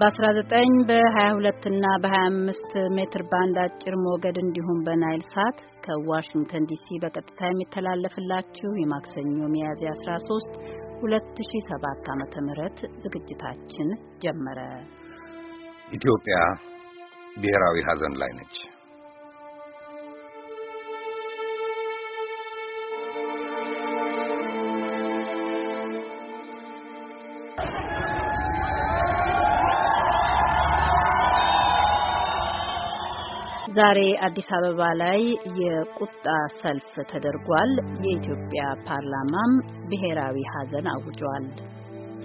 በ19 በ22 እና በ25 ሜትር ባንድ አጭር ሞገድ እንዲሁም በናይል ሳት ከዋሽንግተን ዲሲ በቀጥታ የሚተላለፍላችሁ የማክሰኞ ሚያዝያ 13 2007 ዓመተ ምህረት ዝግጅታችን ጀመረ። ኢትዮጵያ ብሔራዊ ሀዘን ላይ ነች። ዛሬ አዲስ አበባ ላይ የቁጣ ሰልፍ ተደርጓል። የኢትዮጵያ ፓርላማም ብሔራዊ ሀዘን አውጇል።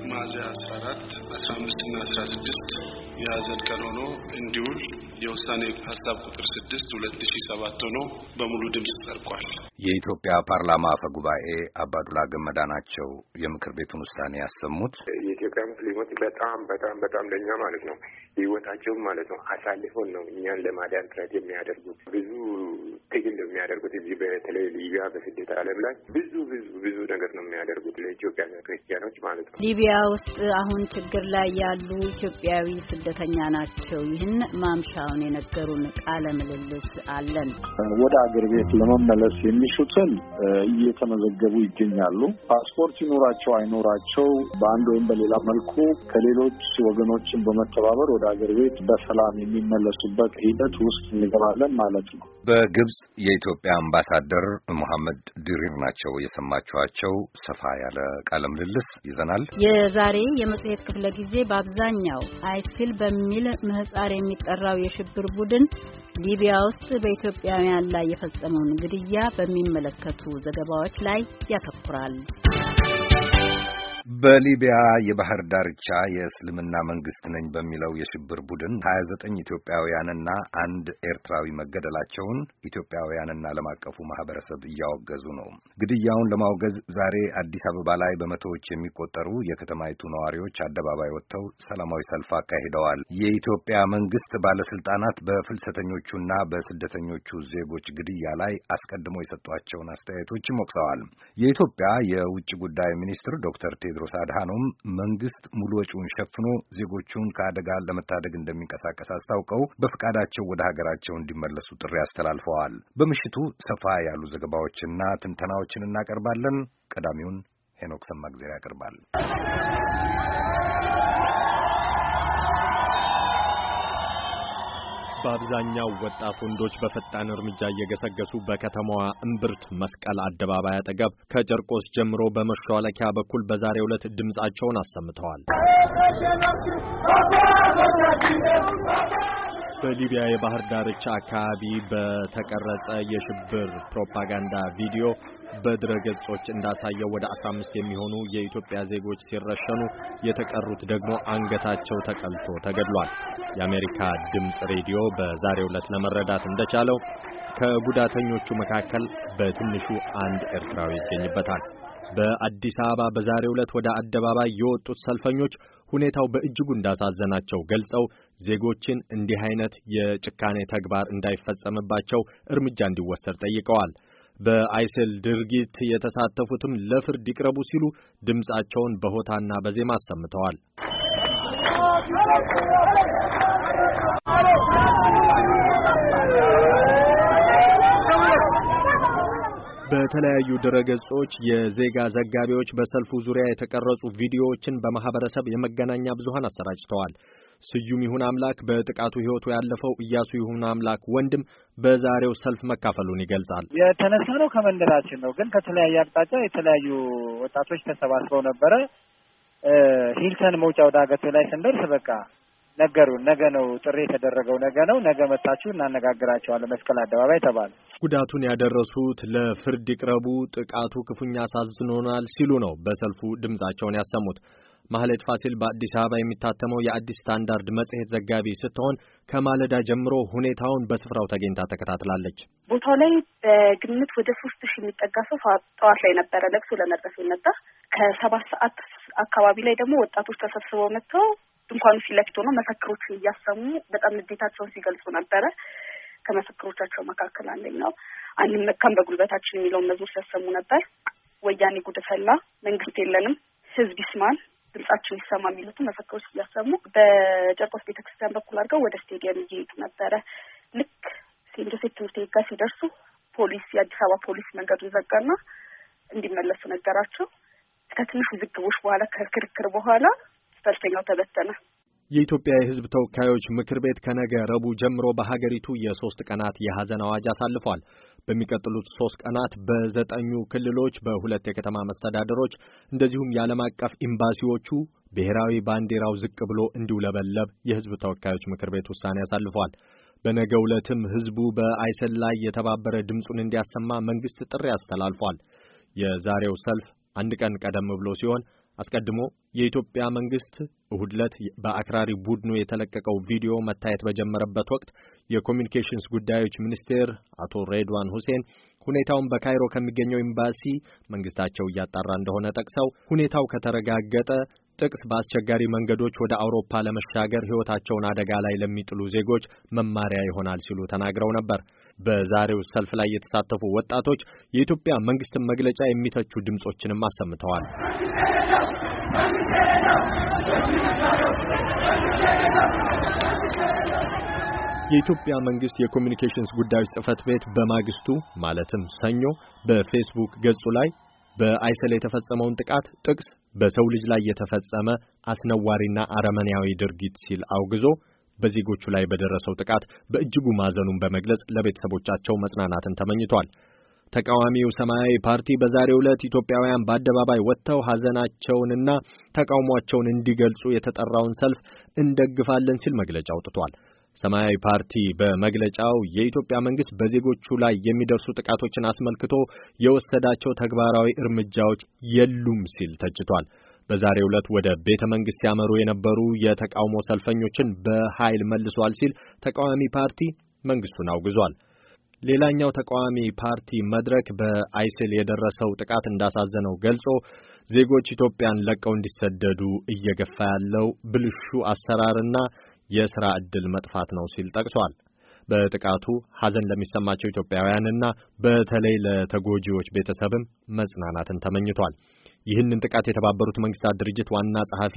ሚያዝያ 14፣ 15 እና 16 የሀዘን ቀን ሆኖ እንዲውል የውሳኔ ሀሳብ ቁጥር ስድስት ሁለት ሺ ሰባት ሆኖ በሙሉ ድምፅ ጸድቋል። የኢትዮጵያ ፓርላማ አፈ ጉባኤ አባዱላ ገመዳ ናቸው የምክር ቤቱን ውሳኔ ያሰሙት። የኢትዮጵያ ሙስሊሞች በጣም በጣም በጣም ለእኛ ማለት ነው ህይወታቸውም ማለት ነው አሳልፎን ነው እኛን ለማዳን ጥረት የሚያደርጉት ብዙ ትግል ነው የሚያደርጉት። እዚህ በተለይ ሊቢያ በስደት ዓለም ላይ ብዙ ብዙ ብዙ ነገር ነው የሚያደርጉት ለኢትዮጵያ ክርስቲያኖች ማለት ነው። ሊቢያ ውስጥ አሁን ችግር ላይ ያሉ ኢትዮጵያዊ ስደተኛ ናቸው። ይህን ማምሻውን የነገሩን ቃለ ምልልስ አለን። ወደ አገር ቤት ለመመለስ የሚሹትን እየተመዘገቡ ይገኛሉ። ፓስፖርት ይኖራቸው አይኖራቸው በአንድ ወይም በሌላ መልኩ ከሌሎች ወገኖችን በመተባበር ወደ አገር ቤት በሰላም የሚመለሱበት ሂደት ውስጥ እንገባለን ማለት ነው። በግብጽ የኢትዮጵያ አምባሳደር መሐመድ ድሪር ናቸው የሰማችኋቸው። ሰፋ ያለ ቃለ ምልልስ ይዘናል። የዛሬ የመጽሔት ክፍለ ጊዜ በአብዛኛው አይሲል በሚል ምህፃር የሚጠራው የሽብር ቡድን ሊቢያ ውስጥ በኢትዮጵያውያን ላይ የፈጸመውን ግድያ በሚመለከቱ ዘገባዎች ላይ ያተኩራል። በሊቢያ የባህር ዳርቻ የእስልምና መንግስት ነኝ በሚለው የሽብር ቡድን ዘጠኝ ኢትዮጵያውያንና አንድ ኤርትራዊ መገደላቸውን ኢትዮጵያውያንና ዓለም አቀፉ ማህበረሰብ እያወገዙ ነው። ግድያውን ለማውገዝ ዛሬ አዲስ አበባ ላይ በመቶዎች የሚቆጠሩ የከተማይቱ ነዋሪዎች አደባባይ ወጥተው ሰላማዊ ሰልፍ አካሂደዋል። የኢትዮጵያ መንግስት ባለስልጣናት በፍልሰተኞቹና በስደተኞቹ ዜጎች ግድያ ላይ አስቀድሞ የሰጧቸውን አስተያየቶች ወቅሰዋል። የኢትዮጵያ የውጭ ጉዳይ ሚኒስትር ዶክተር ቴድሮ ቴድሮስ አድሃኖም መንግስት ሙሉ ወጪውን ሸፍኖ ዜጎቹን ከአደጋ ለመታደግ እንደሚንቀሳቀስ አስታውቀው በፈቃዳቸው ወደ ሀገራቸው እንዲመለሱ ጥሪ አስተላልፈዋል። በምሽቱ ሰፋ ያሉ ዘገባዎችና ትንተናዎችን እናቀርባለን። ቀዳሚውን ሄኖክ ሰማግዜር ያቀርባል። በአብዛኛው ወጣት ወንዶች በፈጣን እርምጃ እየገሰገሱ በከተማዋ እምብርት መስቀል አደባባይ አጠገብ ከጨርቆስ ጀምሮ በመሿለኪያ በኩል በዛሬው ዕለት ድምጻቸውን አሰምተዋል። በሊቢያ የባህር ዳርቻ አካባቢ በተቀረጸ የሽብር ፕሮፓጋንዳ ቪዲዮ በድረ ገጾች እንዳሳየው ወደ 15 የሚሆኑ የኢትዮጵያ ዜጎች ሲረሸኑ የተቀሩት ደግሞ አንገታቸው ተቀልቶ ተገድሏል። የአሜሪካ ድምፅ ሬዲዮ በዛሬው ዕለት ለመረዳት እንደቻለው ከጉዳተኞቹ መካከል በትንሹ አንድ ኤርትራዊ ይገኝበታል። በአዲስ አበባ በዛሬው ዕለት ወደ አደባባይ የወጡት ሰልፈኞች ሁኔታው በእጅጉ እንዳሳዘናቸው ገልጸው ዜጎችን እንዲህ አይነት የጭካኔ ተግባር እንዳይፈጸምባቸው እርምጃ እንዲወሰድ ጠይቀዋል። በአይሴል ድርጊት የተሳተፉትም ለፍርድ ይቅረቡ ሲሉ ድምፃቸውን በሆታና በዜማ አሰምተዋል። በተለያዩ ድረገጾች የዜጋ ዘጋቢዎች በሰልፉ ዙሪያ የተቀረጹ ቪዲዮዎችን በማህበረሰብ የመገናኛ ብዙሃን አሰራጭተዋል። ስዩም ይሁን አምላክ በጥቃቱ ህይወቱ ያለፈው እያሱ ይሁን አምላክ ወንድም በዛሬው ሰልፍ መካፈሉን ይገልጻል። የተነሳ ነው ከመንደራችን ነው፣ ግን ከተለያየ አቅጣጫ የተለያዩ ወጣቶች ተሰባስበው ነበረ። ሂልተን መውጫ ወደ አገቶ ላይ ስንደርስ በቃ ነገሩ ነገ ነው ጥሪ የተደረገው ነገ ነው፣ ነገ መታችሁ እናነጋግራቸዋለን መስቀል አደባባይ ተባለ። ጉዳቱን ያደረሱት ለፍርድ ይቅረቡ፣ ጥቃቱ ክፉኛ አሳዝኖናል ሲሉ ነው በሰልፉ ድምጻቸውን ያሰሙት። ማህሌት ፋሲል በአዲስ አበባ የሚታተመው የአዲስ ስታንዳርድ መጽሔት ዘጋቢ ስትሆን ከማለዳ ጀምሮ ሁኔታውን በስፍራው ተገኝታ ተከታትላለች። ቦታው ላይ በግምት ወደ ሶስት ሺህ የሚጠጋ ሰው ጠዋት ላይ ነበረ ለቅሶ ለመድረስ የመጣ ከሰባት ሰዓት አካባቢ ላይ ደግሞ ወጣቶች ተሰብስበው መጥተው ድንኳኑ ፊት ለፊት ሆነው መፈክሮችን እያሰሙ በጣም ንዴታቸውን ሲገልጹ ነበረ። ከመፈክሮቻቸው መካከል አንደኛው አንመካም በጉልበታችን የሚለውን መዝሙር ሲያሰሙ ነበር። ወያኔ ጉድፈላ፣ መንግስት የለንም፣ ህዝብ ይስማን ድምጻቸው ይሰማ የሚሉትን መፈክሮች እያሰሙ በጨርቆስ ቤተክርስቲያን በኩል አድርገው ወደ ስቴዲየም እየሄዱ ነበረ። ልክ ሴንት ጆሴፍ ትምህርት ቤት ጋር ሲደርሱ ፖሊስ፣ የአዲስ አበባ ፖሊስ መንገዱን ዘጋና እንዲመለሱ ነገራቸው። ከትንሽ ውዝግቦች በኋላ ከክርክር በኋላ ሰልፈኛው ተበተነ። የኢትዮጵያ የሕዝብ ተወካዮች ምክር ቤት ከነገ ረቡዕ ጀምሮ በሀገሪቱ የሶስት ቀናት የሐዘን አዋጅ አሳልፏል። በሚቀጥሉት ሶስት ቀናት በዘጠኙ ክልሎች በሁለት የከተማ መስተዳደሮች እንደዚሁም የዓለም አቀፍ ኤምባሲዎቹ ብሔራዊ ባንዲራው ዝቅ ብሎ እንዲውለበለብ የሕዝብ ተወካዮች ምክር ቤት ውሳኔ አሳልፏል። በነገ ዕለትም ሕዝቡ በአይሰል ላይ የተባበረ ድምፁን እንዲያሰማ መንግሥት ጥሪ አስተላልፏል። የዛሬው ሰልፍ አንድ ቀን ቀደም ብሎ ሲሆን አስቀድሞ የኢትዮጵያ መንግስት እሁድ ዕለት በአክራሪ ቡድኑ የተለቀቀው ቪዲዮ መታየት በጀመረበት ወቅት የኮሚኒኬሽንስ ጉዳዮች ሚኒስቴር አቶ ሬድዋን ሁሴን ሁኔታውን በካይሮ ከሚገኘው ኤምባሲ መንግስታቸው እያጣራ እንደሆነ ጠቅሰው ሁኔታው ከተረጋገጠ ጥቅስ በአስቸጋሪ መንገዶች ወደ አውሮፓ ለመሻገር ሕይወታቸውን አደጋ ላይ ለሚጥሉ ዜጎች መማሪያ ይሆናል ሲሉ ተናግረው ነበር። በዛሬው ሰልፍ ላይ የተሳተፉ ወጣቶች የኢትዮጵያ መንግስትን መግለጫ የሚተቹ ድምጾችንም አሰምተዋል። የኢትዮጵያ መንግስት የኮሚኒኬሽንስ ጉዳዮች ጽህፈት ቤት በማግስቱ ማለትም ሰኞ በፌስቡክ ገጹ ላይ በአይሰል የተፈጸመውን ጥቃት ጥቅስ በሰው ልጅ ላይ የተፈጸመ አስነዋሪና አረመኔያዊ ድርጊት ሲል አውግዞ በዜጎቹ ላይ በደረሰው ጥቃት በእጅጉ ማዘኑን በመግለጽ ለቤተሰቦቻቸው መጽናናትን ተመኝቷል። ተቃዋሚው ሰማያዊ ፓርቲ በዛሬ ዕለት ኢትዮጵያውያን በአደባባይ ወጥተው ሐዘናቸውንና ተቃውሟቸውን እንዲገልጹ የተጠራውን ሰልፍ እንደግፋለን ሲል መግለጫ አውጥቷል። ሰማያዊ ፓርቲ በመግለጫው የኢትዮጵያ መንግስት በዜጎቹ ላይ የሚደርሱ ጥቃቶችን አስመልክቶ የወሰዳቸው ተግባራዊ እርምጃዎች የሉም ሲል ተችቷል። በዛሬው ዕለት ወደ ቤተ መንግስት ያመሩ የነበሩ የተቃውሞ ሰልፈኞችን በኃይል መልሷል ሲል ተቃዋሚ ፓርቲ መንግስቱን አውግዟል። ሌላኛው ተቃዋሚ ፓርቲ መድረክ በአይሲል የደረሰው ጥቃት እንዳሳዘነው ገልጾ ዜጎች ኢትዮጵያን ለቀው እንዲሰደዱ እየገፋ ያለው ብልሹ አሰራርና የሥራ ዕድል መጥፋት ነው ሲል ጠቅሷል። በጥቃቱ ሐዘን ለሚሰማቸው ኢትዮጵያውያንና በተለይ ለተጎጂዎች ቤተሰብም መጽናናትን ተመኝቷል። ይህንን ጥቃት የተባበሩት መንግስታት ድርጅት ዋና ጸሐፊ፣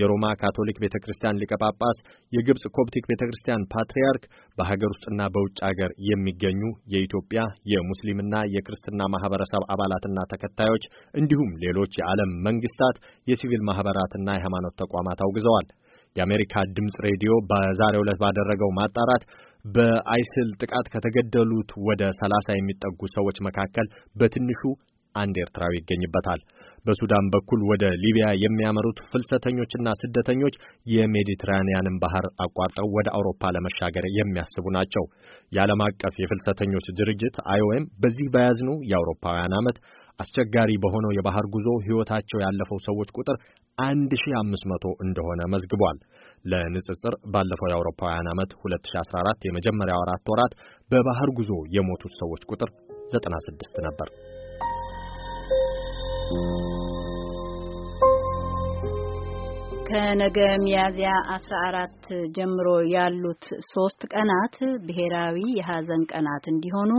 የሮማ ካቶሊክ ቤተ ክርስቲያን ሊቀ ጳጳስ፣ የግብፅ ኮፕቲክ ቤተ ክርስቲያን ፓትርያርክ፣ በሀገር ውስጥና በውጭ ሀገር የሚገኙ የኢትዮጵያ የሙስሊምና የክርስትና ማህበረሰብ አባላትና ተከታዮች እንዲሁም ሌሎች የዓለም መንግስታት የሲቪል ማህበራትና የሃይማኖት ተቋማት አውግዘዋል። የአሜሪካ ድምፅ ሬዲዮ በዛሬው ዕለት ባደረገው ማጣራት በአይስል ጥቃት ከተገደሉት ወደ ሰላሳ የሚጠጉ ሰዎች መካከል በትንሹ አንድ ኤርትራዊ ይገኝበታል። በሱዳን በኩል ወደ ሊቢያ የሚያመሩት ፍልሰተኞችና ስደተኞች የሜዲትራኒያንን ባህር አቋርጠው ወደ አውሮፓ ለመሻገር የሚያስቡ ናቸው። የዓለም አቀፍ የፍልሰተኞች ድርጅት አይኦኤም በዚህ በያዝኑ የአውሮፓውያን ዓመት አስቸጋሪ በሆነው የባህር ጉዞ ሕይወታቸው ያለፈው ሰዎች ቁጥር 1500 እንደሆነ መዝግቧል። ለንጽጽር ባለፈው የአውሮፓውያን ዓመት 2014 የመጀመሪያው አራት ወራት በባህር ጉዞ የሞቱት ሰዎች ቁጥር 96 ነበር። ከነገ ሚያዝያ 14 ጀምሮ ያሉት ሶስት ቀናት ብሔራዊ የሀዘን ቀናት እንዲሆኑ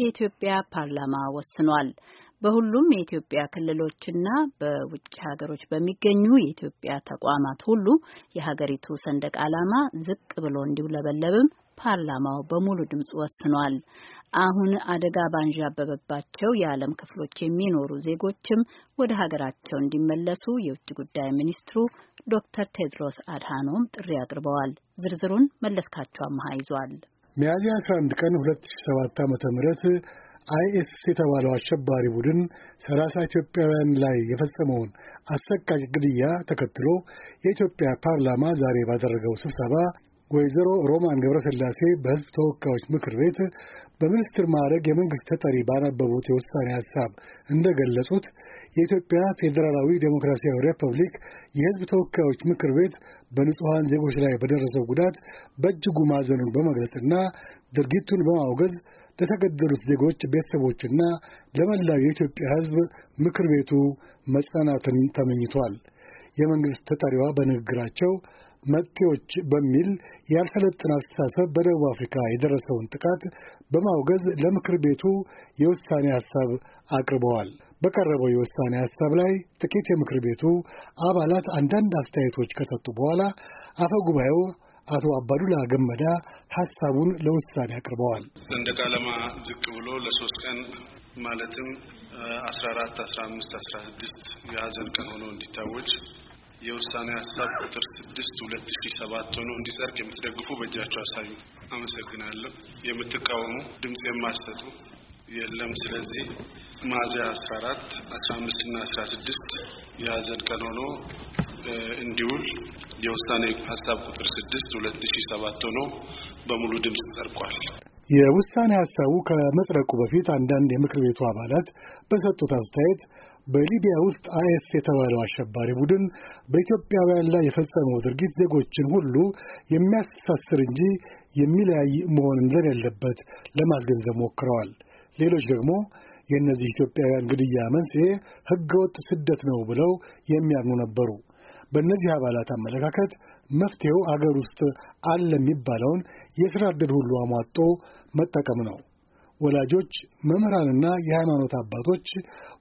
የኢትዮጵያ ፓርላማ ወስኗል። በሁሉም የኢትዮጵያ ክልሎችና በውጭ ሀገሮች በሚገኙ የኢትዮጵያ ተቋማት ሁሉ የሀገሪቱ ሰንደቅ ዓላማ ዝቅ ብሎ እንዲውለበለብም ፓርላማው በሙሉ ድምጽ ወስኗል። አሁን አደጋ ባንዣበበባቸው የዓለም ክፍሎች የሚኖሩ ዜጎችም ወደ ሀገራቸው እንዲመለሱ የውጭ ጉዳይ ሚኒስትሩ ዶክተር ቴድሮስ አድሃኖም ጥሪ አቅርበዋል። ዝርዝሩን መለስካቸው አመሃ ይዟል። ሚያዝያ 11 ቀን 2007 ም አይኤስ የተባለው አሸባሪ ቡድን ሰላሳ ኢትዮጵያውያን ላይ የፈጸመውን አሰቃቂ ግድያ ተከትሎ የኢትዮጵያ ፓርላማ ዛሬ ባደረገው ስብሰባ ወይዘሮ ሮማን ገብረስላሴ በሕዝብ ተወካዮች ምክር ቤት በሚኒስትር ማዕረግ የመንግሥት ተጠሪ ባነበቡት የውሳኔ ሐሳብ እንደገለጹት የኢትዮጵያ ፌዴራላዊ ዴሞክራሲያዊ ሪፐብሊክ የሕዝብ ተወካዮች ምክር ቤት በንጹሐን ዜጎች ላይ በደረሰው ጉዳት በእጅጉ ማዘኑን በመግለጽና ድርጊቱን በማውገዝ ለተገደሉት ዜጎች ቤተሰቦችና ለመላው የኢትዮጵያ ሕዝብ ምክር ቤቱ መጽናናትን ተመኝቷል። የመንግሥት ተጠሪዋ በንግግራቸው መጤዎች በሚል ያልሰለጠነ አስተሳሰብ በደቡብ አፍሪካ የደረሰውን ጥቃት በማውገዝ ለምክር ቤቱ የውሳኔ ሀሳብ አቅርበዋል። በቀረበው የውሳኔ ሀሳብ ላይ ጥቂት የምክር ቤቱ አባላት አንዳንድ አስተያየቶች ከሰጡ በኋላ አፈ ጉባኤው አቶ አባዱላ ገመዳ ሀሳቡን ለውሳኔ አቅርበዋል። ሰንደቅ ዓላማ ዝቅ ብሎ ለሶስት ቀን ማለትም አስራ አራት አስራ አምስት አስራ ስድስት የሀዘን ቀን ሆኖ እንዲታወጅ የውሳኔ ሀሳብ ቁጥር ስድስት ሁለት ሺ ሰባት ሆኖ እንዲጸድቅ የምትደግፉ በእጃቸው አሳዩ። አመሰግናለሁ። የምትቃወሙ ድምፅ የማሰጡ የለም። ስለዚህ ሚያዝያ አስራ አራት አስራ አምስት ና አስራ ስድስት የሀዘን ቀን ሆኖ እንዲውል የውሳኔ ሀሳብ ቁጥር ስድስት ሁለት ሺ ሰባት ሆኖ በሙሉ ድምፅ ጸድቋል። የውሳኔ ሀሳቡ ከመጽረቁ በፊት አንዳንድ የምክር ቤቱ አባላት በሰጡት አስተያየት በሊቢያ ውስጥ አይኤስ የተባለው አሸባሪ ቡድን በኢትዮጵያውያን ላይ የፈጸመው ድርጊት ዜጎችን ሁሉ የሚያስተሳስር እንጂ የሚለያይ መሆን እንደሌለበት ለማስገንዘብ ሞክረዋል። ሌሎች ደግሞ የእነዚህ ኢትዮጵያውያን ግድያ መንስኤ ሕገወጥ ስደት ነው ብለው የሚያምኑ ነበሩ። በእነዚህ አባላት አመለካከት መፍትሄው አገር ውስጥ አለ የሚባለውን የስራ ዕድል ሁሉ አሟጦ መጠቀም ነው። ወላጆች፣ መምህራንና የሃይማኖት አባቶች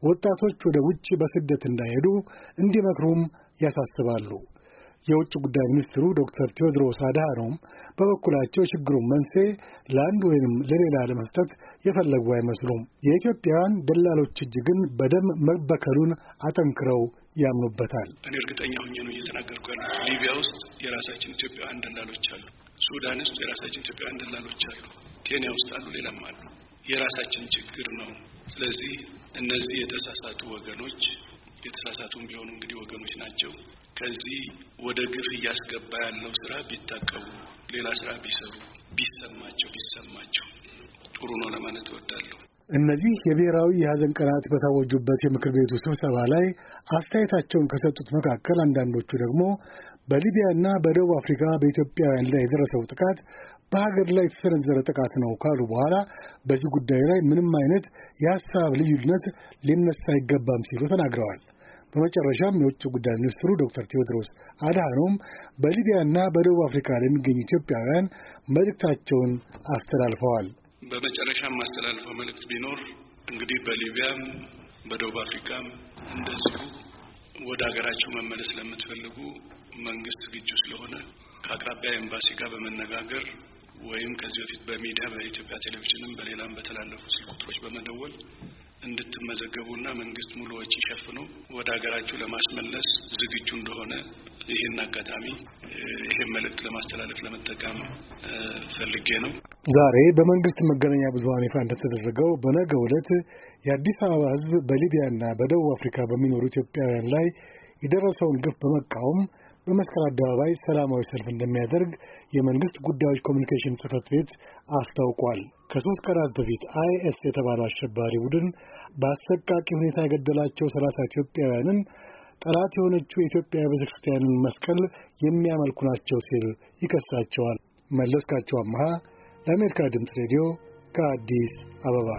ወጣቶች ወደ ውጭ በስደት እንዳይሄዱ እንዲመክሩም ያሳስባሉ። የውጭ ጉዳይ ሚኒስትሩ ዶክተር ቴዎድሮስ አድሃኖም በበኩላቸው ችግሩን መንስኤ ለአንድ ወይንም ለሌላ ለመስጠት የፈለጉ አይመስሉም። የኢትዮጵያውያን ደላሎች እጅ ግን በደም መበከሉን አጠንክረው ያምኑበታል። እኔ እርግጠኛ ሆኜ ነው እየተናገርኩ ያለ ሊቢያ ውስጥ የራሳችን ኢትዮጵያውያን ደላሎች አሉ። ሱዳን ውስጥ የራሳችን ኢትዮጵያውያን ደላሎች አሉ። ኬንያ ውስጥ አሉ፣ ሌላም አሉ። የራሳችን ችግር ነው። ስለዚህ እነዚህ የተሳሳቱ ወገኖች የተሳሳቱም ቢሆኑ እንግዲህ ወገኖች ናቸው። ከዚህ ወደ ግፍ እያስገባ ያለው ስራ ቢታቀቡ፣ ሌላ ስራ ቢሰሩ፣ ቢሰማቸው ቢሰማቸው ጥሩ ነው ለማለት እወዳለሁ። እነዚህ የብሔራዊ የሐዘን ቀናት በታወጁበት የምክር ቤቱ ስብሰባ ላይ አስተያየታቸውን ከሰጡት መካከል አንዳንዶቹ ደግሞ በሊቢያና በደቡብ አፍሪካ በኢትዮጵያውያን ላይ የደረሰው ጥቃት በሀገር ላይ የተሰነዘረ ጥቃት ነው ካሉ በኋላ በዚህ ጉዳይ ላይ ምንም አይነት የሀሳብ ልዩነት ሊነሳ አይገባም ሲሉ ተናግረዋል። በመጨረሻም የውጭ ጉዳይ ሚኒስትሩ ዶክተር ቴዎድሮስ አድሃኖም በሊቢያና በደቡብ አፍሪካ ለሚገኙ ኢትዮጵያውያን መልእክታቸውን አስተላልፈዋል። በመጨረሻም ማስተላልፈው መልእክት ቢኖር እንግዲህ በሊቢያም በደቡብ አፍሪካም እንደዚሁ ወደ ሀገራቸው መመለስ ለምትፈልጉ መንግስት ዝግጁ ስለሆነ ከአቅራቢያ ኤምባሲ ጋር በመነጋገር ወይም ከዚህ በፊት በሚዲያ በኢትዮጵያ ቴሌቪዥንም በሌላም በተላለፉ ስልክ ቁጥሮች በመደወል እንድትመዘገቡና መንግስት ሙሉ ወጪ ሸፍኖ ወደ ሀገራችሁ ለማስመለስ ዝግጁ እንደሆነ ይህን አጋጣሚ ይህን መልእክት ለማስተላለፍ ለመጠቀም ፈልጌ ነው። ዛሬ በመንግስት መገናኛ ብዙሀን ይፋ እንደተደረገው በነገ ዕለት የአዲስ አበባ ህዝብ በሊቢያና በደቡብ አፍሪካ በሚኖሩ ኢትዮጵያውያን ላይ የደረሰውን ግፍ በመቃወም በመስቀል አደባባይ ሰላማዊ ሰልፍ እንደሚያደርግ የመንግስት ጉዳዮች ኮሚኒኬሽን ጽህፈት ቤት አስታውቋል። ከሶስት ቀናት በፊት አይኤስ የተባለው አሸባሪ ቡድን በአሰቃቂ ሁኔታ የገደላቸው ሰላሳ ኢትዮጵያውያንን ጠላት የሆነችው የኢትዮጵያ ቤተ ክርስቲያንን መስቀል የሚያመልኩ ናቸው ሲል ይከሳቸዋል። መለስካቸው አምሃ ለአሜሪካ ድምፅ ሬዲዮ ከአዲስ አበባ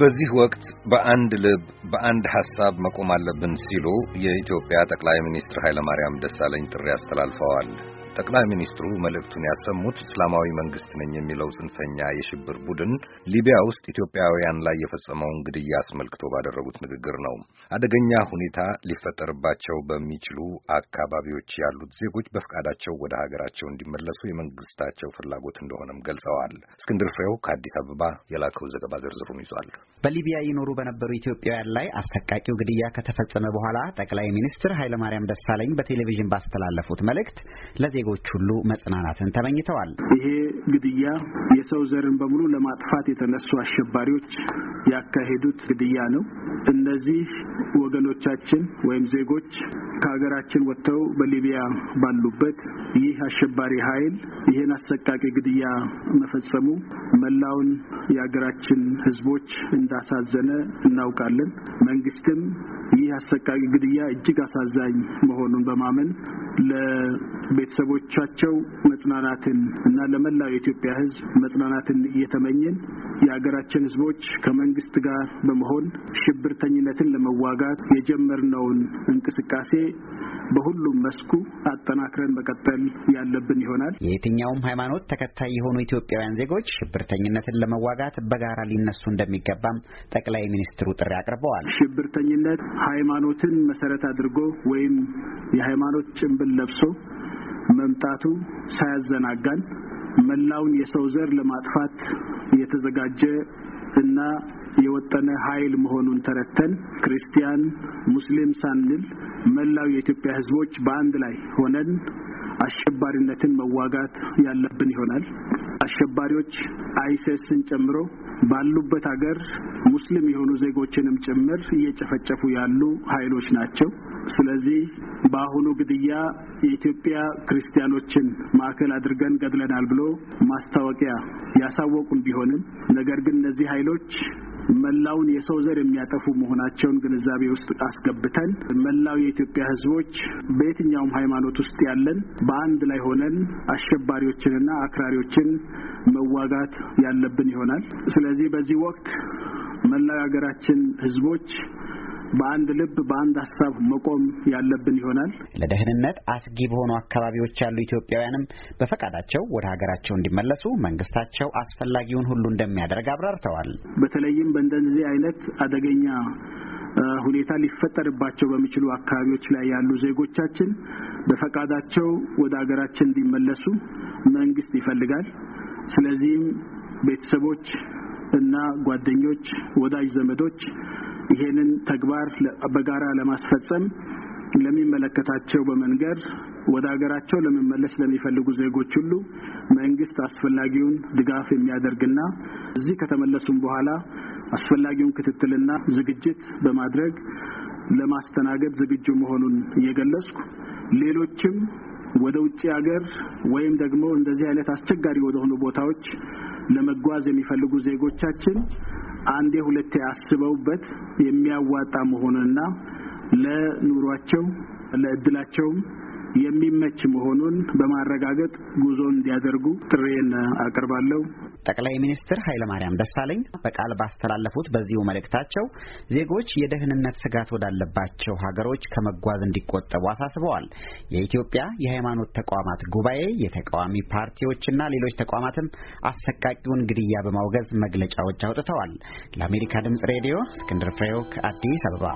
በዚህ ወቅት በአንድ ልብ በአንድ ሐሳብ መቆም አለብን ሲሉ የኢትዮጵያ ጠቅላይ ሚኒስትር ኃይለማርያም ደሳለኝ ጥሪ አስተላልፈዋል። ጠቅላይ ሚኒስትሩ መልእክቱን ያሰሙት እስላማዊ መንግስት ነኝ የሚለው ጽንፈኛ የሽብር ቡድን ሊቢያ ውስጥ ኢትዮጵያውያን ላይ የፈጸመውን ግድያ አስመልክቶ ባደረጉት ንግግር ነው። አደገኛ ሁኔታ ሊፈጠርባቸው በሚችሉ አካባቢዎች ያሉት ዜጎች በፈቃዳቸው ወደ ሀገራቸው እንዲመለሱ የመንግስታቸው ፍላጎት እንደሆነም ገልጸዋል። እስክንድር ፍሬው ከአዲስ አበባ የላከው ዘገባ ዝርዝሩን ይዟል። በሊቢያ ይኖሩ በነበሩ ኢትዮጵያውያን ላይ አሰቃቂው ግድያ ከተፈጸመ በኋላ ጠቅላይ ሚኒስትር ኃይለማርያም ደሳለኝ በቴሌቪዥን ባስተላለፉት መልእክት ለዜ ዜጎች ሁሉ መጽናናትን ተመኝተዋል። ይሄ ግድያ የሰው ዘርን በሙሉ ለማጥፋት የተነሱ አሸባሪዎች ያካሄዱት ግድያ ነው። እነዚህ ወገኖቻችን ወይም ዜጎች ከሀገራችን ወጥተው በሊቢያ ባሉበት ይህ አሸባሪ ኃይል ይህን አሰቃቂ ግድያ መፈጸሙ መላውን የሀገራችን ሕዝቦች እንዳሳዘነ እናውቃለን። መንግስትም ይህ አሰቃቂ ግድያ እጅግ አሳዛኝ መሆኑን በማመን ለቤተሰቦ ለቤተሰቦቻቸው መጽናናትን እና ለመላው የኢትዮጵያ ሕዝብ መጽናናትን እየተመኘን የሀገራችን ሕዝቦች ከመንግስት ጋር በመሆን ሽብርተኝነትን ለመዋጋት የጀመርነውን እንቅስቃሴ በሁሉም መስኩ አጠናክረን መቀጠል ያለብን ይሆናል። የየትኛውም ሃይማኖት ተከታይ የሆኑ ኢትዮጵያውያን ዜጎች ሽብርተኝነትን ለመዋጋት በጋራ ሊነሱ እንደሚገባም ጠቅላይ ሚኒስትሩ ጥሪ አቅርበዋል። ሽብርተኝነት ሃይማኖትን መሰረት አድርጎ ወይም የሃይማኖት ጭንብል ለብሶ መምጣቱ ሳያዘናጋን መላውን የሰው ዘር ለማጥፋት የተዘጋጀ እና የወጠነ ኃይል መሆኑን ተረተን ክርስቲያን፣ ሙስሊም ሳንል መላው የኢትዮጵያ ህዝቦች በአንድ ላይ ሆነን አሸባሪነትን መዋጋት ያለብን ይሆናል። አሸባሪዎች አይሴስን ጨምሮ ባሉበት ሀገር ሙስሊም የሆኑ ዜጎችንም ጭምር እየጨፈጨፉ ያሉ ኃይሎች ናቸው። ስለዚህ በአሁኑ ግድያ የኢትዮጵያ ክርስቲያኖችን ማዕከል አድርገን ገድለናል ብሎ ማስታወቂያ ያሳወቁን ቢሆንም ነገር ግን እነዚህ ኃይሎች መላውን የሰው ዘር የሚያጠፉ መሆናቸውን ግንዛቤ ውስጥ አስገብተን መላው የኢትዮጵያ ሕዝቦች በየትኛውም ሃይማኖት ውስጥ ያለን በአንድ ላይ ሆነን አሸባሪዎችንና አክራሪዎችን መዋጋት ያለብን ይሆናል። ስለዚህ በዚህ ወቅት መላው የሀገራችን ሕዝቦች በአንድ ልብ በአንድ ሀሳብ መቆም ያለብን ይሆናል። ለደህንነት አስጊ በሆኑ አካባቢዎች ያሉ ኢትዮጵያውያንም በፈቃዳቸው ወደ ሀገራቸው እንዲመለሱ መንግስታቸው አስፈላጊውን ሁሉ እንደሚያደርግ አብራርተዋል። በተለይም በእንደዚህ አይነት አደገኛ ሁኔታ ሊፈጠርባቸው በሚችሉ አካባቢዎች ላይ ያሉ ዜጎቻችን በፈቃዳቸው ወደ ሀገራችን እንዲመለሱ መንግስት ይፈልጋል። ስለዚህም ቤተሰቦች እና ጓደኞች፣ ወዳጅ ዘመዶች ይሄንን ተግባር በጋራ ለማስፈጸም ለሚመለከታቸው በመንገር ወደ ሀገራቸው ለመመለስ ለሚፈልጉ ዜጎች ሁሉ መንግስት አስፈላጊውን ድጋፍ የሚያደርግና እዚህ ከተመለሱም በኋላ አስፈላጊውን ክትትልና ዝግጅት በማድረግ ለማስተናገድ ዝግጁ መሆኑን እየገለጽኩ ሌሎችም ወደ ውጭ ሀገር ወይም ደግሞ እንደዚህ አይነት አስቸጋሪ ወደሆኑ ቦታዎች ለመጓዝ የሚፈልጉ ዜጎቻችን አንዴ ሁለቴ አስበውበት የሚያዋጣ መሆኑንና ለኑሯቸው ለእድላቸውም የሚመች መሆኑን በማረጋገጥ ጉዞ እንዲያደርጉ ጥሬን አቀርባለሁ። ጠቅላይ ሚኒስትር ኃይለማርያም ደሳለኝ በቃል ባስተላለፉት በዚሁ መልእክታቸው ዜጎች የደህንነት ስጋት ወዳለባቸው ሀገሮች ከመጓዝ እንዲቆጠቡ አሳስበዋል። የኢትዮጵያ የሃይማኖት ተቋማት ጉባኤ፣ የተቃዋሚ ፓርቲዎችና ሌሎች ተቋማትም አሰቃቂውን ግድያ በማውገዝ መግለጫዎች አውጥተዋል። ለአሜሪካ ድምጽ ሬዲዮ እስክንድር ፍሬው ከአዲስ አበባ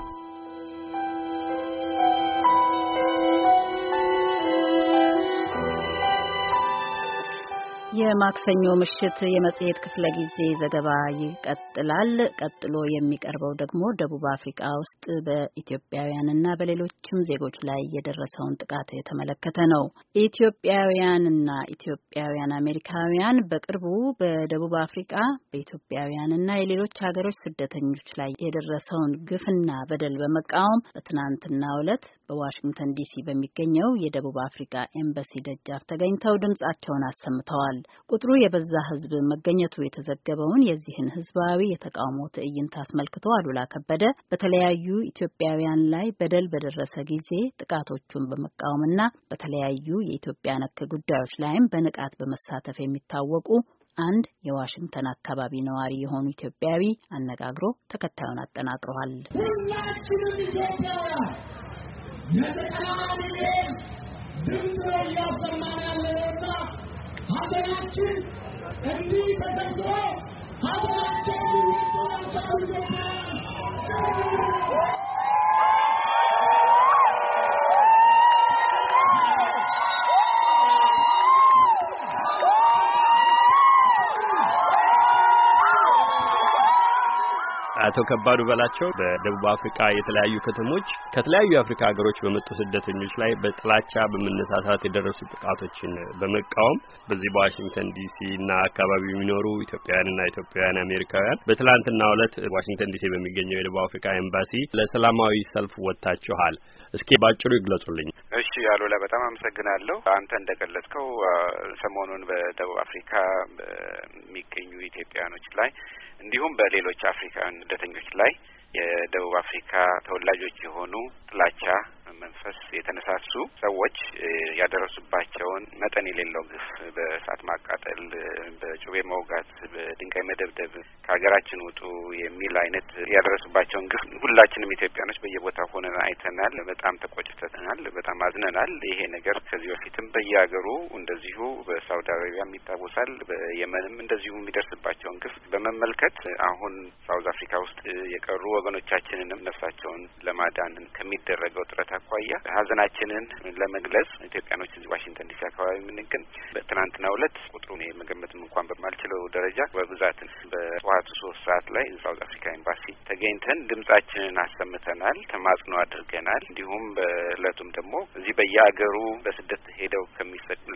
የማክሰኞ ምሽት የመጽሔት ክፍለ ጊዜ ዘገባ ይቀጥላል። ቀጥሎ የሚቀርበው ደግሞ ደቡብ አፍሪካ ውስጥ በኢትዮጵያውያንና በሌሎችም ዜጎች ላይ የደረሰውን ጥቃት የተመለከተ ነው። ኢትዮጵያውያንና ኢትዮጵያውያን አሜሪካውያን በቅርቡ በደቡብ አፍሪካ በኢትዮጵያውያንና የሌሎች ሀገሮች ስደተኞች ላይ የደረሰውን ግፍና በደል በመቃወም በትናንትና ዕለት በዋሽንግተን ዲሲ በሚገኘው የደቡብ አፍሪካ ኤምባሲ ደጃፍ ተገኝተው ድምጻቸውን አሰምተዋል። ገልጸዋል። ቁጥሩ የበዛ ህዝብ መገኘቱ የተዘገበውን የዚህን ህዝባዊ የተቃውሞ ትዕይንት አስመልክቶ አሉላ ከበደ በተለያዩ ኢትዮጵያውያን ላይ በደል በደረሰ ጊዜ ጥቃቶቹን በመቃወምና በተለያዩ የኢትዮጵያ ነክ ጉዳዮች ላይም በንቃት በመሳተፍ የሚታወቁ አንድ የዋሽንግተን አካባቢ ነዋሪ የሆኑ ኢትዮጵያዊ አነጋግሮ ተከታዩን አጠናቅረዋል። ሁላችንም ኢትዮጵያ የተቃዋሚ ድምፅ እያሰማናለን ஆஜராட்சி என்று பேசுகிறோம் ஆஜராட்சி என்று አቶ ከባዱ በላቸው በደቡብ አፍሪካ የተለያዩ ከተሞች ከተለያዩ የአፍሪካ ሀገሮች በመጡ ስደተኞች ላይ በጥላቻ በመነሳሳት የደረሱ ጥቃቶችን በመቃወም በዚህ በዋሽንግተን ዲሲ እና አካባቢ የሚኖሩ ኢትዮጵያውያንና ኢትዮጵያውያን አሜሪካውያን በትላንትና ሁለት ዋሽንግተን ዲሲ በሚገኘው የደቡብ አፍሪካ ኤምባሲ ለሰላማዊ ሰልፍ ወጥታችኋል። እስኪ ባጭሩ ይግለጹልኝ። እሺ አሉላ፣ በጣም አመሰግናለሁ። አንተ እንደገለጽከው ሰሞኑን በደቡብ አፍሪካ የሚገኙ ኢትዮጵያውያኖች ላይ እንዲሁም በሌሎች አፍሪካውያን ስደተኞች ላይ የደቡብ አፍሪካ ተወላጆች የሆኑ ጥላቻ መንፈስ የተነሳሱ ሰዎች ያደረሱባቸውን መጠን የሌለው ግፍ በእሳት ማቃጠል፣ በጩቤ መውጋት፣ በድንጋይ መደብደብ፣ ከሀገራችን ውጡ የሚል አይነት ያደረሱባቸውን ግፍ ሁላችንም ኢትዮጵያኖች በየቦታው ሆነን አይተናል። በጣም ተቆጭተናል። በጣም አዝነናል። ይሄ ነገር ከዚህ በፊትም በየሀገሩ እንደዚሁ በሳውዲ አረቢያም ይታወሳል። በየመንም እንደዚሁ የሚደርስባቸውን ግፍ በመመልከት አሁን ሳውዝ አፍሪካ ውስጥ የቀሩ ወገኖቻችንንም ነፍሳቸውን ለማዳን ከሚደረገው ጥረት አኳያ ሀዘናችንን ለመግለጽ ኢትዮጵያኖች እዚህ ዋሽንግተን ዲሲ አካባቢ የምንገኝ በትናንትናው ዕለት ቁጥሩን የመገመትም እንኳን በማልችለው ደረጃ በብዛት በጠዋቱ ሶስት ሰዓት ላይ ሳውዝ አፍሪካ ኤምባሲ ተገኝተን ድምጻችንን አሰምተናል፣ ተማጽኖ አድርገናል። እንዲሁም በእለቱም ደግሞ እዚህ በየአገሩ በስደት ሄደው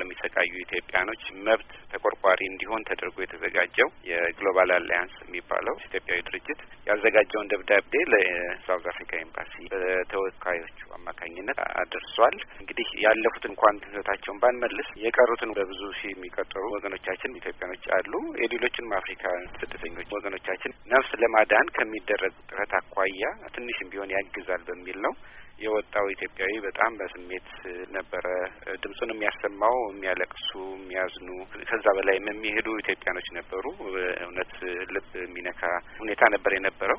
ለሚሰቃዩ ኢትዮጵያኖች መብት ተቆርቋሪ እንዲሆን ተደርጎ የተዘጋጀው የግሎባል አሊያንስ የሚባለው ኢትዮጵያዊ ድርጅት ያዘጋጀውን ደብዳቤ ለሳውዝ አፍሪካ ኤምባሲ በተወካዮቹ አማ አማካኝነት አድርሷል። እንግዲህ ያለፉት እንኳን ትዘታቸውን ባንመልስ የቀሩትን በብዙ ሺህ የሚቆጠሩ ወገኖቻችን ኢትዮጵያኖች አሉ። የሌሎችንም አፍሪካ ስደተኞች ወገኖቻችን ነፍስ ለማዳን ከሚደረግ ጥረት አኳያ ትንሽም ቢሆን ያግዛል በሚል ነው የወጣው ኢትዮጵያዊ በጣም በስሜት ነበረ ድምፁን የሚያሰማው። የሚያለቅሱ፣ የሚያዝኑ ከዛ በላይ የሚሄዱ ኢትዮጵያኖች ነበሩ። እውነት ልብ የሚነካ ሁኔታ ነበር የነበረው።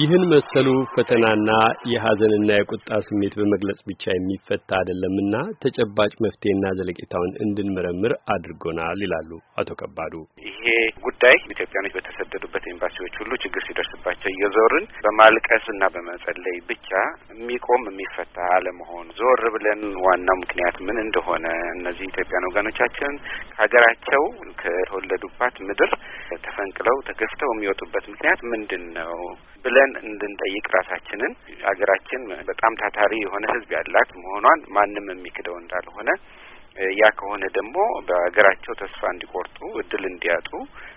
ይህን መሰሉ ፈተናና የሐዘንና የቁጣ ስሜት በመግለጽ ብቻ የሚፈታ አይደለምና ተጨባጭ መፍትሄና ዘለቄታውን እንድንመረምር አድርጎናል ይላሉ አቶ ከባዱ። ይሄ ጉዳይ ኢትዮጵያኖች በተሰደዱበት ኤምባሲዎች ሁሉ ችግር ሲደርስባቸው እየዞርን በማልቀስና በመጸለይ ብቻ የሚቆም የሚፈታ አለመሆን ዞር ብለን ዋናው ምክንያት ምን እንደሆነ እነዚህ ኢትዮጵያን ወገኖቻችን ከሀገራቸው ከተወለዱባት ምድር ተፈንቅለው ተገፍተው የሚወጡበት ምክንያት ምንድን ነው? ብለን እንድንጠይቅ ራሳችንን ሀገራችን በጣም ታታሪ የሆነ ህዝብ ያላት መሆኗን ማንም የሚክደው እንዳልሆነ ያ ከሆነ ደግሞ በሀገራቸው ተስፋ እንዲቆርጡ እድል እንዲያጡ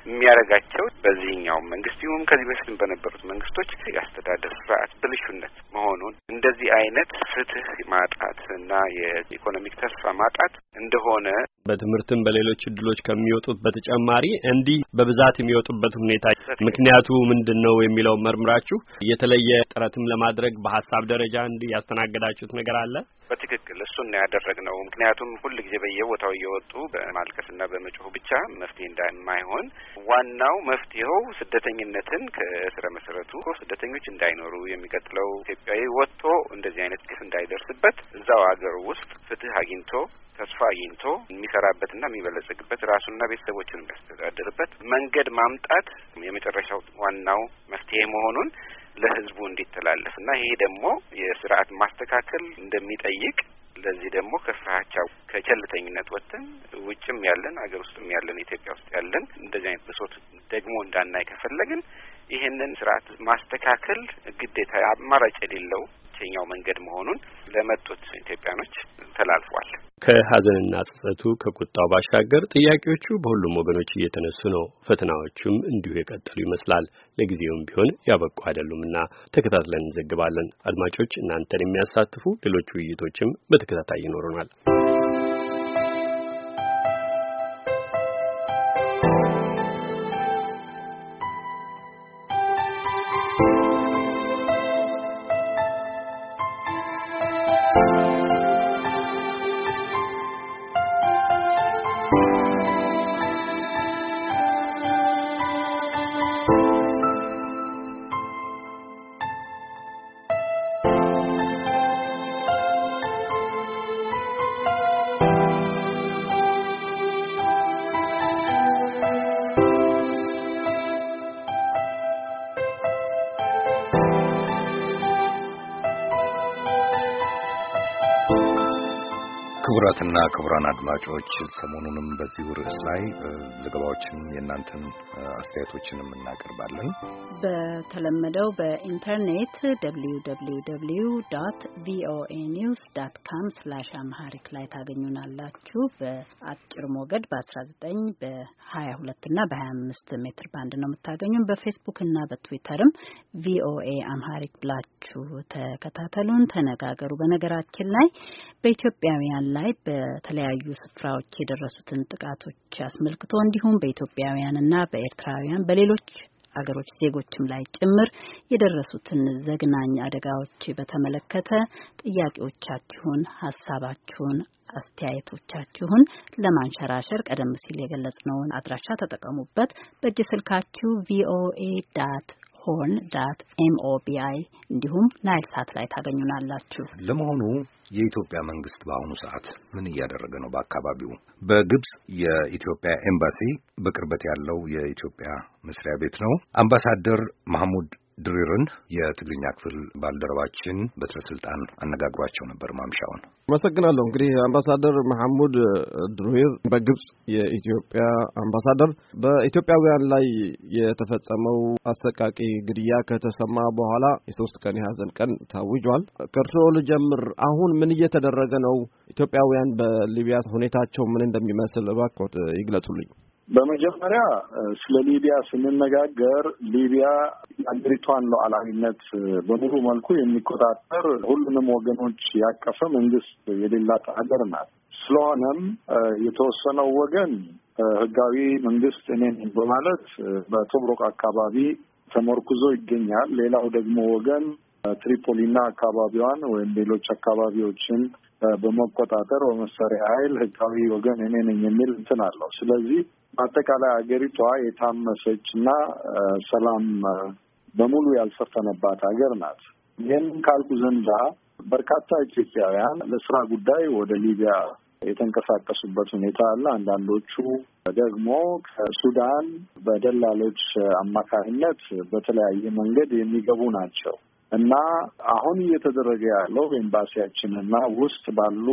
የሚያደርጋቸው በዚህኛው መንግስት ይሁን ከዚህ በፊትም በነበሩት መንግስቶች የአስተዳደር ስርዓት ብልሹነት መሆኑን እንደዚህ አይነት ፍትህ ማጣት እና የኢኮኖሚክ ተስፋ ማጣት እንደሆነ በትምህርትም በሌሎች እድሎች ከሚወጡት በተጨማሪ እንዲህ በብዛት የሚወጡበት ሁኔታ ምክንያቱ ምንድን ነው የሚለው መርምራችሁ የተለየ ጥረትም ለማድረግ በሀሳብ ደረጃ እንዲህ ያስተናገዳችሁት ነገር አለ? በትክክል እሱን ነው ያደረግነው። ምክንያቱም ሁል ጊዜ በየቦታው እየወጡ በማልቀስና በመጮሁ ብቻ መፍትሄ እንደማይሆን ዋናው መፍትሄው ስደተኝነትን ከስረ መሰረቱ ስደተኞች እንዳይኖሩ የሚቀጥለው ኢትዮጵያዊ ወጥቶ እንደዚህ አይነት ግፍ እንዳይደርስበት እዛው ሀገር ውስጥ ፍትህ አግኝቶ ተስፋ አግኝቶ የሚሰራበትና የሚበለጽግበት ራሱና ቤተሰቦችን የሚያስተዳድርበት መንገድ ማምጣት የመጨረሻው ዋናው መፍትሄ መሆኑን ለህዝቡ እንዲተላለፍ እና ይሄ ደግሞ የስርዓት ማስተካከል እንደሚጠይቅ ለዚህ ደግሞ ከፍራቻው ከቸልተኝነት ወጥተን ውጭም ያለን አገር ውስጥም ያለን ኢትዮጵያ ውስጥ ያለን እንደዚህ አይነት ብሶት ደግሞ እንዳናይ ከፈለግን ይህንን ስርዓት ማስተካከል ግዴታ አማራጭ የሌለው ብቸኛው መንገድ መሆኑን ለመጡት ኢትዮጵያኖች ተላልፏል። ከሀዘንና ጸጸቱ ከቁጣው ባሻገር ጥያቄዎቹ በሁሉም ወገኖች እየተነሱ ነው። ፈተናዎቹም እንዲሁ የቀጠሉ ይመስላል። ለጊዜውም ቢሆን ያበቁ አይደሉምና ተከታትለን እንዘግባለን። አድማጮች፣ እናንተን የሚያሳትፉ ሌሎች ውይይቶችም በተከታታይ ይኖሩናል። ክቡራን አድማጮች ሰሞኑንም በዚሁ ርዕስ ላይ ዘገባዎችንም የእናንተን አስተያየቶችንም እናቀርባለን። በተለመደው በኢንተርኔት ደብሊዩ ደብሊዩ ደብሊዩ ዶት ቪኦኤ ኒውስ ዳት ካም ስላሽ አምሃሪክ ላይ ታገኙናላችሁ። በአጭር ሞገድ በ19 በ22 እና በ25 ሜትር ባንድ ነው የምታገኙን። በፌስቡክ እና በትዊተርም ቪኦኤ አምሃሪክ ብላችሁ ተከታተሉን፣ ተነጋገሩ። በነገራችን ላይ በኢትዮጵያውያን ላይ በተለያዩ ስፍራዎች የደረሱትን ጥቃቶች አስመልክቶ እንዲሁም በኢትዮጵያውያን እና በኤርትራውያን በሌሎች አገሮች ዜጎችም ላይ ጭምር የደረሱትን ዘግናኝ አደጋዎች በተመለከተ ጥያቄዎቻችሁን፣ ሀሳባችሁን፣ አስተያየቶቻችሁን ለማንሸራሸር ቀደም ሲል የገለጽነውን አድራሻ ተጠቀሙበት። በእጅ ስልካችሁ ቪኦኤ ዳት ሆርን ዳት ኤምኦቢአይ እንዲሁም ናይል ሳት ላይ ታገኙናላችሁ። ለመሆኑ የኢትዮጵያ መንግስት በአሁኑ ሰዓት ምን እያደረገ ነው? በአካባቢው በግብጽ የኢትዮጵያ ኤምባሲ በቅርበት ያለው የኢትዮጵያ መስሪያ ቤት ነው። አምባሳደር ማህሙድ ድሪርን የትግርኛ ክፍል ባልደረባችን በትረ ስልጣን አነጋግሯቸው ነበር ማምሻውን። አመሰግናለሁ። እንግዲህ አምባሳደር መሐሙድ ድሩር በግብጽ የኢትዮጵያ አምባሳደር በኢትዮጵያውያን ላይ የተፈጸመው አሰቃቂ ግድያ ከተሰማ በኋላ የሶስት ቀን የሀዘን ቀን ታውጇል። ከእርስዎ ልጀምር። አሁን ምን እየተደረገ ነው? ኢትዮጵያውያን በሊቢያ ሁኔታቸው ምን እንደሚመስል እባክዎት ይግለጹልኝ። በመጀመሪያ ስለ ሊቢያ ስንነጋገር ሊቢያ የአገሪቷን ሉዓላዊነት በሙሉ መልኩ የሚቆጣጠር ሁሉንም ወገኖች ያቀፈ መንግስት የሌላት ሀገር ናት። ስለሆነም የተወሰነው ወገን ህጋዊ መንግስት እኔ ነኝ በማለት በቶብሮቅ አካባቢ ተመርኩዞ ይገኛል። ሌላው ደግሞ ወገን ትሪፖሊና አካባቢዋን ወይም ሌሎች አካባቢዎችን በመቆጣጠር በመሳሪያ ኃይል ህጋዊ ወገን እኔ ነኝ የሚል እንትን አለው። ስለዚህ በአጠቃላይ ሀገሪቷ የታመሰች እና ሰላም በሙሉ ያልሰፈነባት ሀገር ናት። ይህን ካልኩ ዘንዳ በርካታ ኢትዮጵያውያን ለስራ ጉዳይ ወደ ሊቢያ የተንቀሳቀሱበት ሁኔታ አለ። አንዳንዶቹ ደግሞ ከሱዳን በደላሎች አማካኝነት በተለያየ መንገድ የሚገቡ ናቸው። እና አሁን እየተደረገ ያለው እና ውስጥ ባሉ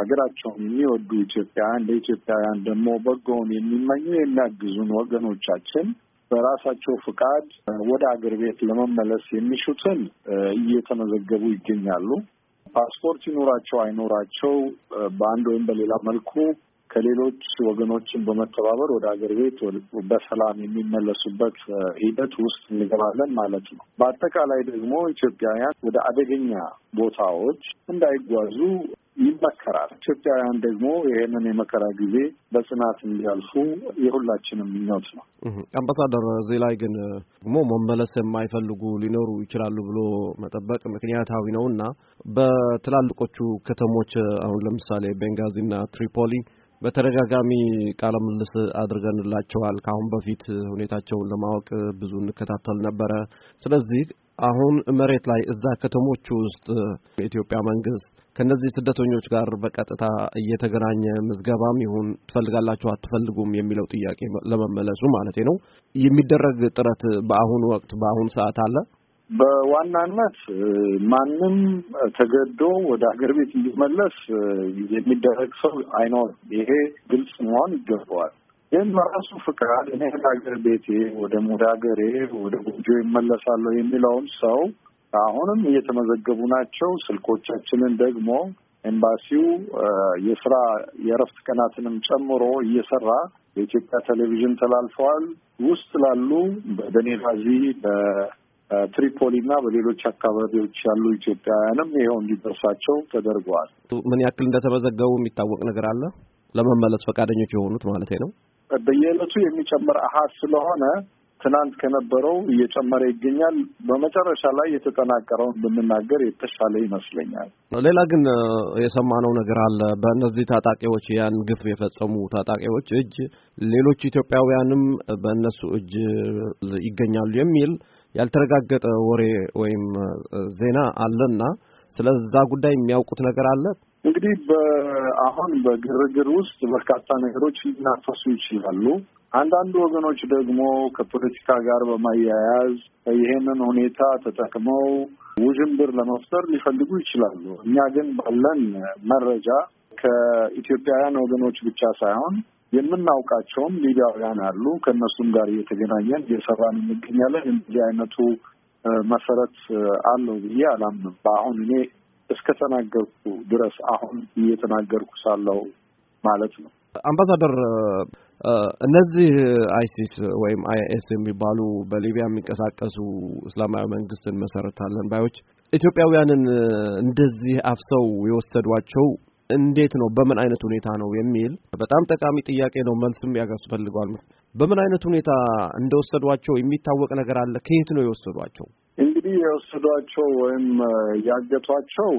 አገራቸውን የሚወዱ ኢትዮጵያውያን ለኢትዮጵያውያን ደግሞ በጎውን የሚመኙ የሚያግዙን ወገኖቻችን በራሳቸው ፍቃድ ወደ አገር ቤት ለመመለስ የሚሹትን እየተመዘገቡ ይገኛሉ። ፓስፖርት ይኖራቸው አይኖራቸው በአንድ ወይም በሌላ መልኩ ከሌሎች ወገኖችን በመተባበር ወደ ሀገር ቤት በሰላም የሚመለሱበት ሂደት ውስጥ እንገባለን ማለት ነው። በአጠቃላይ ደግሞ ኢትዮጵያውያን ወደ አደገኛ ቦታዎች እንዳይጓዙ ይመከራል። ኢትዮጵያውያን ደግሞ ይህንን የመከራ ጊዜ በጽናት እንዲያልፉ የሁላችንም ምኞት ነው። አምባሳደር፣ እዚህ ላይ ግን ደግሞ መመለስ የማይፈልጉ ሊኖሩ ይችላሉ ብሎ መጠበቅ ምክንያታዊ ነው እና በትላልቆቹ ከተሞች አሁን ለምሳሌ ቤንጋዚና ትሪፖሊ በተደጋጋሚ ቃለ ምልልስ አድርገንላቸዋል። ከአሁን በፊት ሁኔታቸውን ለማወቅ ብዙ እንከታተል ነበረ። ስለዚህ አሁን መሬት ላይ እዛ ከተሞች ውስጥ የኢትዮጵያ መንግስት ከነዚህ ስደተኞች ጋር በቀጥታ እየተገናኘ ምዝገባም ይሁን ትፈልጋላችሁ አትፈልጉም የሚለው ጥያቄ ለመመለሱ ማለት ነው የሚደረግ ጥረት በአሁኑ ወቅት በአሁኑ ሰዓት አለ። በዋናነት ማንም ተገዶ ወደ ሀገር ቤት እንዲመለስ የሚደረግ ሰው አይኖርም። ይሄ ግልጽ መሆን ይገባዋል። ይህም በራሱ ፍቃድ እኔ ወደ ሀገር ቤቴ ወደ ሙዳ ሀገሬ ወደ ጎጆ ይመለሳለሁ የሚለውን ሰው አሁንም እየተመዘገቡ ናቸው። ስልኮቻችንን ደግሞ ኤምባሲው የስራ የእረፍት ቀናትንም ጨምሮ እየሰራ የኢትዮጵያ ቴሌቪዥን ተላልፈዋል። ውስጥ ላሉ በደኔ ባዚ ትሪፖሊ እና በሌሎች አካባቢዎች ያሉ ኢትዮጵያውያንም ይኸው እንዲደርሳቸው ተደርገዋል። ምን ያክል እንደተመዘገቡ የሚታወቅ ነገር አለ? ለመመለስ ፈቃደኞች የሆኑት ማለት ነው። በየዕለቱ የሚጨምር አሃዝ ስለሆነ ትናንት ከነበረው እየጨመረ ይገኛል። በመጨረሻ ላይ የተጠናቀረውን ብንናገር የተሻለ ይመስለኛል። ሌላ ግን የሰማነው ነገር አለ። በእነዚህ ታጣቂዎች ያን ግፍ የፈጸሙ ታጣቂዎች እጅ ሌሎች ኢትዮጵያውያንም በእነሱ እጅ ይገኛሉ የሚል ያልተረጋገጠ ወሬ ወይም ዜና አለና ስለዛ ጉዳይ የሚያውቁት ነገር አለ። እንግዲህ አሁን በግርግር ውስጥ በርካታ ነገሮች ሊናፈሱ ይችላሉ። አንዳንድ ወገኖች ደግሞ ከፖለቲካ ጋር በማያያዝ ይሄንን ሁኔታ ተጠቅመው ውዥንብር ለመፍጠር ሊፈልጉ ይችላሉ። እኛ ግን ባለን መረጃ ከኢትዮጵያውያን ወገኖች ብቻ ሳይሆን የምናውቃቸውም ሊቢያውያን አሉ። ከእነሱም ጋር እየተገናኘን እየሰራን እንገኛለን። እንደዚህ አይነቱ መሰረት አለው ብዬ አላምንም። በአሁን እኔ እስከተናገርኩ ድረስ አሁን እየተናገርኩ ሳለው ማለት ነው። አምባሳደር፣ እነዚህ አይሲስ ወይም አይኤስ የሚባሉ በሊቢያ የሚንቀሳቀሱ እስላማዊ መንግስት መሰረታለን ባዮች ኢትዮጵያውያንን እንደዚህ አፍሰው የወሰዷቸው እንዴት ነው በምን አይነት ሁኔታ ነው የሚል በጣም ጠቃሚ ጥያቄ ነው። መልስም ያስፈልጓል። በምን አይነት ሁኔታ እንደወሰዷቸው የሚታወቅ ነገር አለ? ከየት ነው የወሰዷቸው? እንግዲህ የወሰዷቸው ወይም ያገቷቸው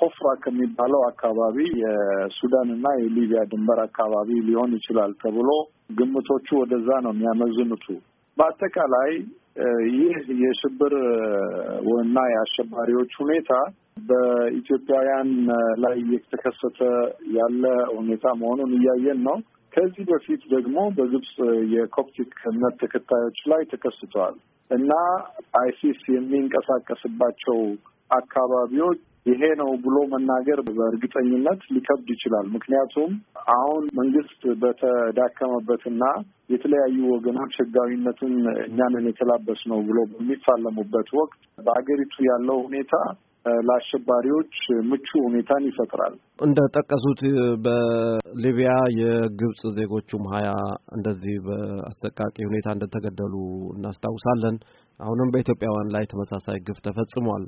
ኮፍራ ከሚባለው አካባቢ የሱዳንና የሊቢያ ድንበር አካባቢ ሊሆን ይችላል ተብሎ ግምቶቹ ወደዛ ነው የሚያመዝኑቱ። በአጠቃላይ ይህ የሽብር እና የአሸባሪዎች ሁኔታ በኢትዮጵያውያን ላይ እየተከሰተ ያለ ሁኔታ መሆኑን እያየን ነው። ከዚህ በፊት ደግሞ በግብፅ የኮፕቲክ እምነት ተከታዮች ላይ ተከስተዋል እና አይሲስ የሚንቀሳቀስባቸው አካባቢዎች ይሄ ነው ብሎ መናገር በእርግጠኝነት ሊከብድ ይችላል። ምክንያቱም አሁን መንግስት በተዳከመበትና የተለያዩ ወገኖች ህጋዊነትን እኛንን የተላበስ ነው ብሎ በሚፋለሙበት ወቅት በሀገሪቱ ያለው ሁኔታ ለአሸባሪዎች ምቹ ሁኔታን ይፈጥራል። እንደ ጠቀሱት በሊቢያ የግብጽ ዜጎቹም ሀያ እንደዚህ በአስጠቃቂ ሁኔታ እንደተገደሉ እናስታውሳለን። አሁንም በኢትዮጵያውያን ላይ ተመሳሳይ ግፍ ተፈጽሟል።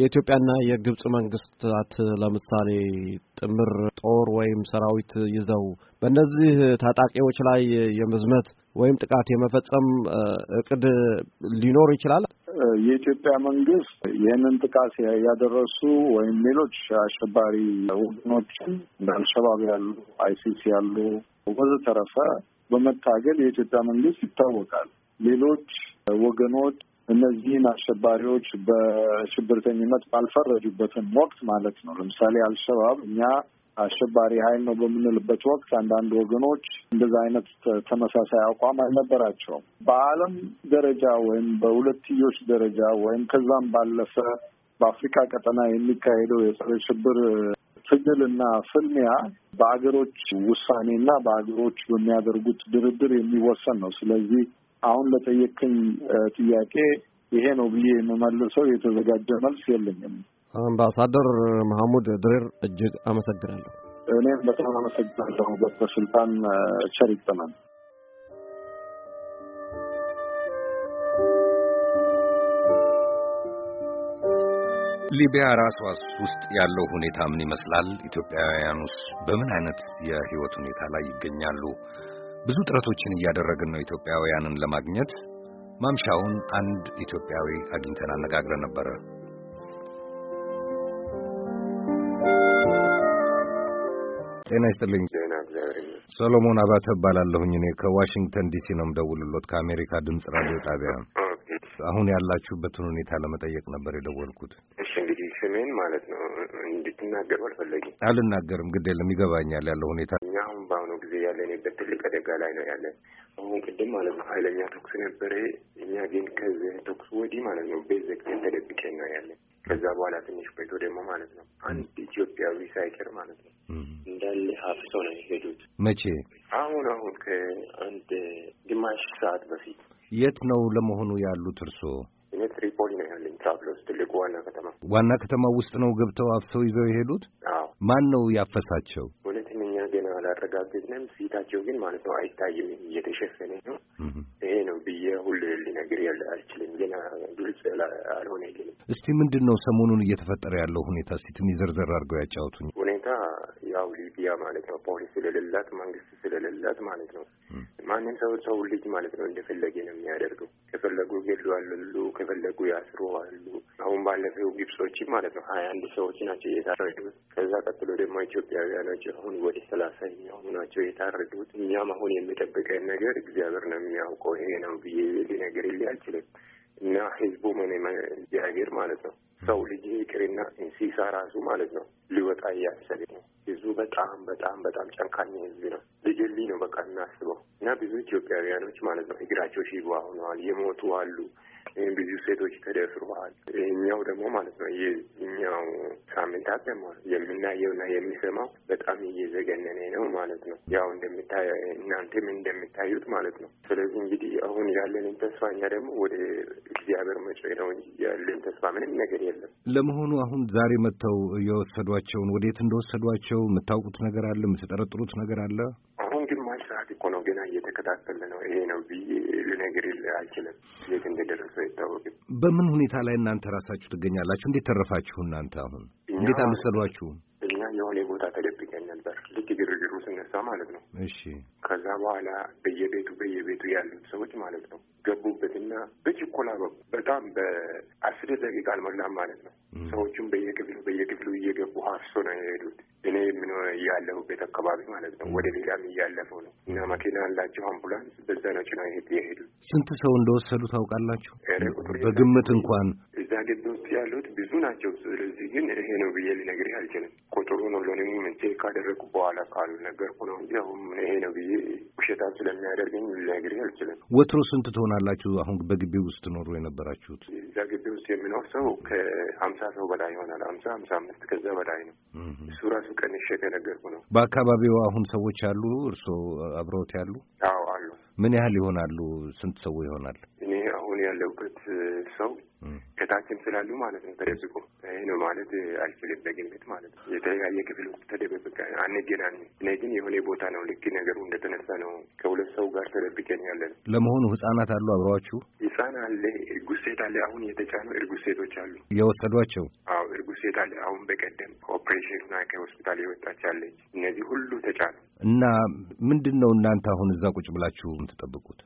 የኢትዮጵያና የግብጽ መንግስታት ለምሳሌ ጥምር ጦር ወይም ሰራዊት ይዘው በእነዚህ ታጣቂዎች ላይ የመዝመት ወይም ጥቃት የመፈጸም እቅድ ሊኖር ይችላል። የኢትዮጵያ መንግስት ይህንን ጥቃት ያደረሱ ወይም ሌሎች አሸባሪ ቡድኖችን እንደ አልሸባብ ያሉ፣ አይሲስ ያሉ ወዘተረፈ በመታገል የኢትዮጵያ መንግስት ይታወቃል። ሌሎች ወገኖች እነዚህን አሸባሪዎች በሽብርተኝነት ባልፈረጁበትም ወቅት ማለት ነው። ለምሳሌ አልሸባብ እኛ አሸባሪ ኃይል ነው በምንልበት ወቅት አንዳንድ ወገኖች እንደዛ አይነት ተመሳሳይ አቋም አልነበራቸውም። በዓለም ደረጃ ወይም በሁለትዮሽ ደረጃ ወይም ከዛም ባለፈ በአፍሪካ ቀጠና የሚካሄደው የጸረ ሽብር ትግልና ፍልሚያ በአገሮች ውሳኔና በአገሮች በሚያደርጉት ድርድር የሚወሰን ነው። ስለዚህ አሁን ለጠየቅኝ ጥያቄ ይሄ ነው ብዬ የምመልሰው የተዘጋጀ መልስ የለኝም። አምባሳደር መሐሙድ ድሬር እጅግ አመሰግናለሁ። እኔም በጣም አመሰግናለሁ። ዶክተር ሱልጣን ቸር ይግጠመን። ሊቢያ ራሷ ውስጥ ያለው ሁኔታ ምን ይመስላል? ኢትዮጵያውያኑስ በምን አይነት የህይወት ሁኔታ ላይ ይገኛሉ? ብዙ ጥረቶችን እያደረግን ነው ኢትዮጵያውያንን ለማግኘት። ማምሻውን አንድ ኢትዮጵያዊ አግኝተን አነጋግረን ነበረ። ጤና ይስጥልኝ። ዜና ሰሎሞን አባተ እባላለሁኝ። እኔ ከዋሽንግተን ዲሲ ነው የምደውልሎት ከአሜሪካ ድምጽ ራዲዮ ጣቢያ። አሁን ያላችሁበትን ሁኔታ ለመጠየቅ ነበር የደወልኩት። እሺ እንግዲህ ስሜን ማለት ነው እንድትናገሩ አልፈለግም። አልናገርም፣ ግድ የለም ይገባኛል ያለው ሁኔታ። እኛ አሁን በአሁኑ ጊዜ ያለንበት ትልቅ አደጋ ላይ ነው ያለን። አሁን ቅድም ማለት ነው ኃይለኛ ተኩስ ነበረ። እኛ ግን ከዚህ ተኩስ ወዲህ ማለት ነው ቤት ዘግተን ተደብቄ ነው ያለን ከዛ በኋላ ትንሽ ቆይቶ ደግሞ ማለት ነው አንድ ኢትዮጵያዊ ሳይቀር ማለት ነው እንዳለ አፍሰው ነው የሄዱት። መቼ? አሁን አሁን ከአንድ ግማሽ ሰዓት በፊት። የት ነው ለመሆኑ ያሉት እርስዎ? እኔ ትሪፖሊ ነው ያለኝ፣ ትራብሎስ ትልቁ ዋና ከተማ ዋና ከተማ ውስጥ ነው ገብተው አፍሰው ይዘው የሄዱት። አዎ። ማን ነው ያፈሳቸው? ያረጋገጥንም ፊታቸው ግን ማለት ነው አይታይም፣ እየተሸፈነ ነው። ይሄ ነው ብዬ ሁሉ ሊነግር ያለ አልችልም፣ ገና ግልጽ አልሆነልንም። እስቲ ምንድን ነው ሰሞኑን እየተፈጠረ ያለው ሁኔታ እስቲ ትንሽ ዘርዘር አድርገው ያጫወቱኝ። ሁኔታ ያው ሊቢያ ማለት ነው ፖሊስ ስለሌላት መንግስት ስለሌላት ማለት ነው ማንም ሰው ሰው ልጅ ማለት ነው እንደፈለገ ነው የሚያደርገው ከፈለጉ ይገድሏል አሉ፣ ከፈለጉ ያስሩ አሉ። አሁን ባለፈው ግብጾችም ማለት ነው ሀያ አንድ ሰዎች ናቸው የታረዱት። ከዛ ቀጥሎ ደግሞ ኢትዮጵያውያኖች አሁን ወደ ሰላሳ የሚሆኑ ናቸው የታረዱት። እኛም አሁን የሚጠብቀን ነገር እግዚአብሔር ነው የሚያውቀው። ይሄ ነው ብዬ ሊነገር ይል አልችልም። እና ህዝቡ ምን እግዚአብሔር ማለት ነው ሰው ልጅ ይቅርና እንስሳ ራሱ ማለት ነው ሊወጣ እያሰብ ነው። ህዝቡ በጣም በጣም በጣም ጨንካኝ ህዝብ ነው። ጀሊ ነው በቃ እናስበው እና ብዙ ኢትዮጵያውያኖች ማለት ነው እግራቸው ሽባ ሆነዋል፣ የሞቱ አሉ። ብዙ ሴቶች ተደፍረዋል። ይህኛው ደግሞ ማለት ነው የኛው ሳምንታት ደግሞ የምናየውና የሚሰማው በጣም እየዘገነነ ነው ማለት ነው። ያው እንደምታ እናንተም እንደምታዩት ማለት ነው። ስለዚህ እንግዲህ አሁን ያለንን ተስፋ እኛ ደግሞ ወደ እግዚአብሔር መጮ ነው እንጂ ያለን ተስፋ ምንም ነገር የለም። ለመሆኑ አሁን ዛሬ መጥተው የወሰዷቸውን ወዴት እንደወሰዷቸው የምታውቁት ነገር አለ? የምትጠረጥሩት ነገር አለ? እኮ ነው ገና እየተከታተለ ነው ይሄ ነው ብዬ ልነግር አይችልም። የት እንደደረሰው ይታወቅ። በምን ሁኔታ ላይ እናንተ ራሳችሁ ትገኛላችሁ? እንዴት ተረፋችሁ? እናንተ አሁን እንዴት አመሰሏችሁ? እኛ የሆነ ቦታ ተደብቀን ነበር፣ ልክ ግርግሩ ስነሳ ማለት ነው። እሺ። ከዛ በኋላ በየቤቱ በየቤቱ ያሉት ሰዎች ማለት ነው ገቡበትና በችኮላ በጣም በአስር ደቂቃ አልሞላም ማለት ነው ሰዎቹም በየክፍሉ በየክፍሉ እየገቡ ሀፍሶ ነው የሄዱት። እኔ ምን ቤት አካባቢ ማለት ነው ወደ ሌላም እያለፈው ነው እና መኪና አላቸው አምቡላንስ በዛ ነው ጭነው የሄዱ። ስንት ሰው እንደወሰዱ ታውቃላችሁ? በግምት እንኳን እዛ ግቢ ውስጥ ያሉት ብዙ ናቸው። ስለዚህ ግን ይሄ ነው ብዬ ልነግርህ አልችልም። ቁጥሩ ነው ለኔ ምንቼ ካደረጉ በኋላ ካሉ ነገር ነው እንጂ አሁን ይሄ ነው ሁኔታ ስለሚያደርገኝ ልነግርህ አልችልም። ወትሮ ስንት ትሆናላችሁ? አሁን በግቢ ውስጥ ኖሮ የነበራችሁት? እዛ ግቢ ውስጥ የሚኖር ሰው ከሀምሳ ሰው በላይ ይሆናል። ሀምሳ ሀምሳ አምስት ከዛ በላይ ነው። እሱ ራሱ ቀንሼ ከነገርኩ ነው። በአካባቢው አሁን ሰዎች አሉ፣ እርስዎ አብረውት ያሉ? አዎ አሉ። ምን ያህል ይሆናሉ? ስንት ሰው ይሆናል? እኔ አሁን ያለሁበት ልጆችም ስላሉ ማለት ነው ተደብቆ ይህ ነው ማለት አልችልም። በግምት ማለት ነው የተለያየ ክፍል ውስጥ ተደበብቀ አንገናኝ። እኔ ግን የሆነ ቦታ ነው ልክ ነገሩ እንደተነሳ ነው ከሁለት ሰው ጋር ተደብቀን ያለ ነው። ለመሆኑ ህጻናት አሉ አብረዋችሁ? ህጻን አለ፣ እርጉዝ ሴት አለ። አሁን የተጫኑ እርጉዝ ሴቶች አሉ የወሰዷቸው። አዎ እርጉዝ ሴት አለ። አሁን በቀደም ኦፕሬሽን ና ከሆስፒታል የወጣች አለች። እነዚህ ሁሉ ተጫኑ እና ምንድን ነው እናንተ አሁን እዛ ቁጭ ብላችሁ የምትጠብቁት?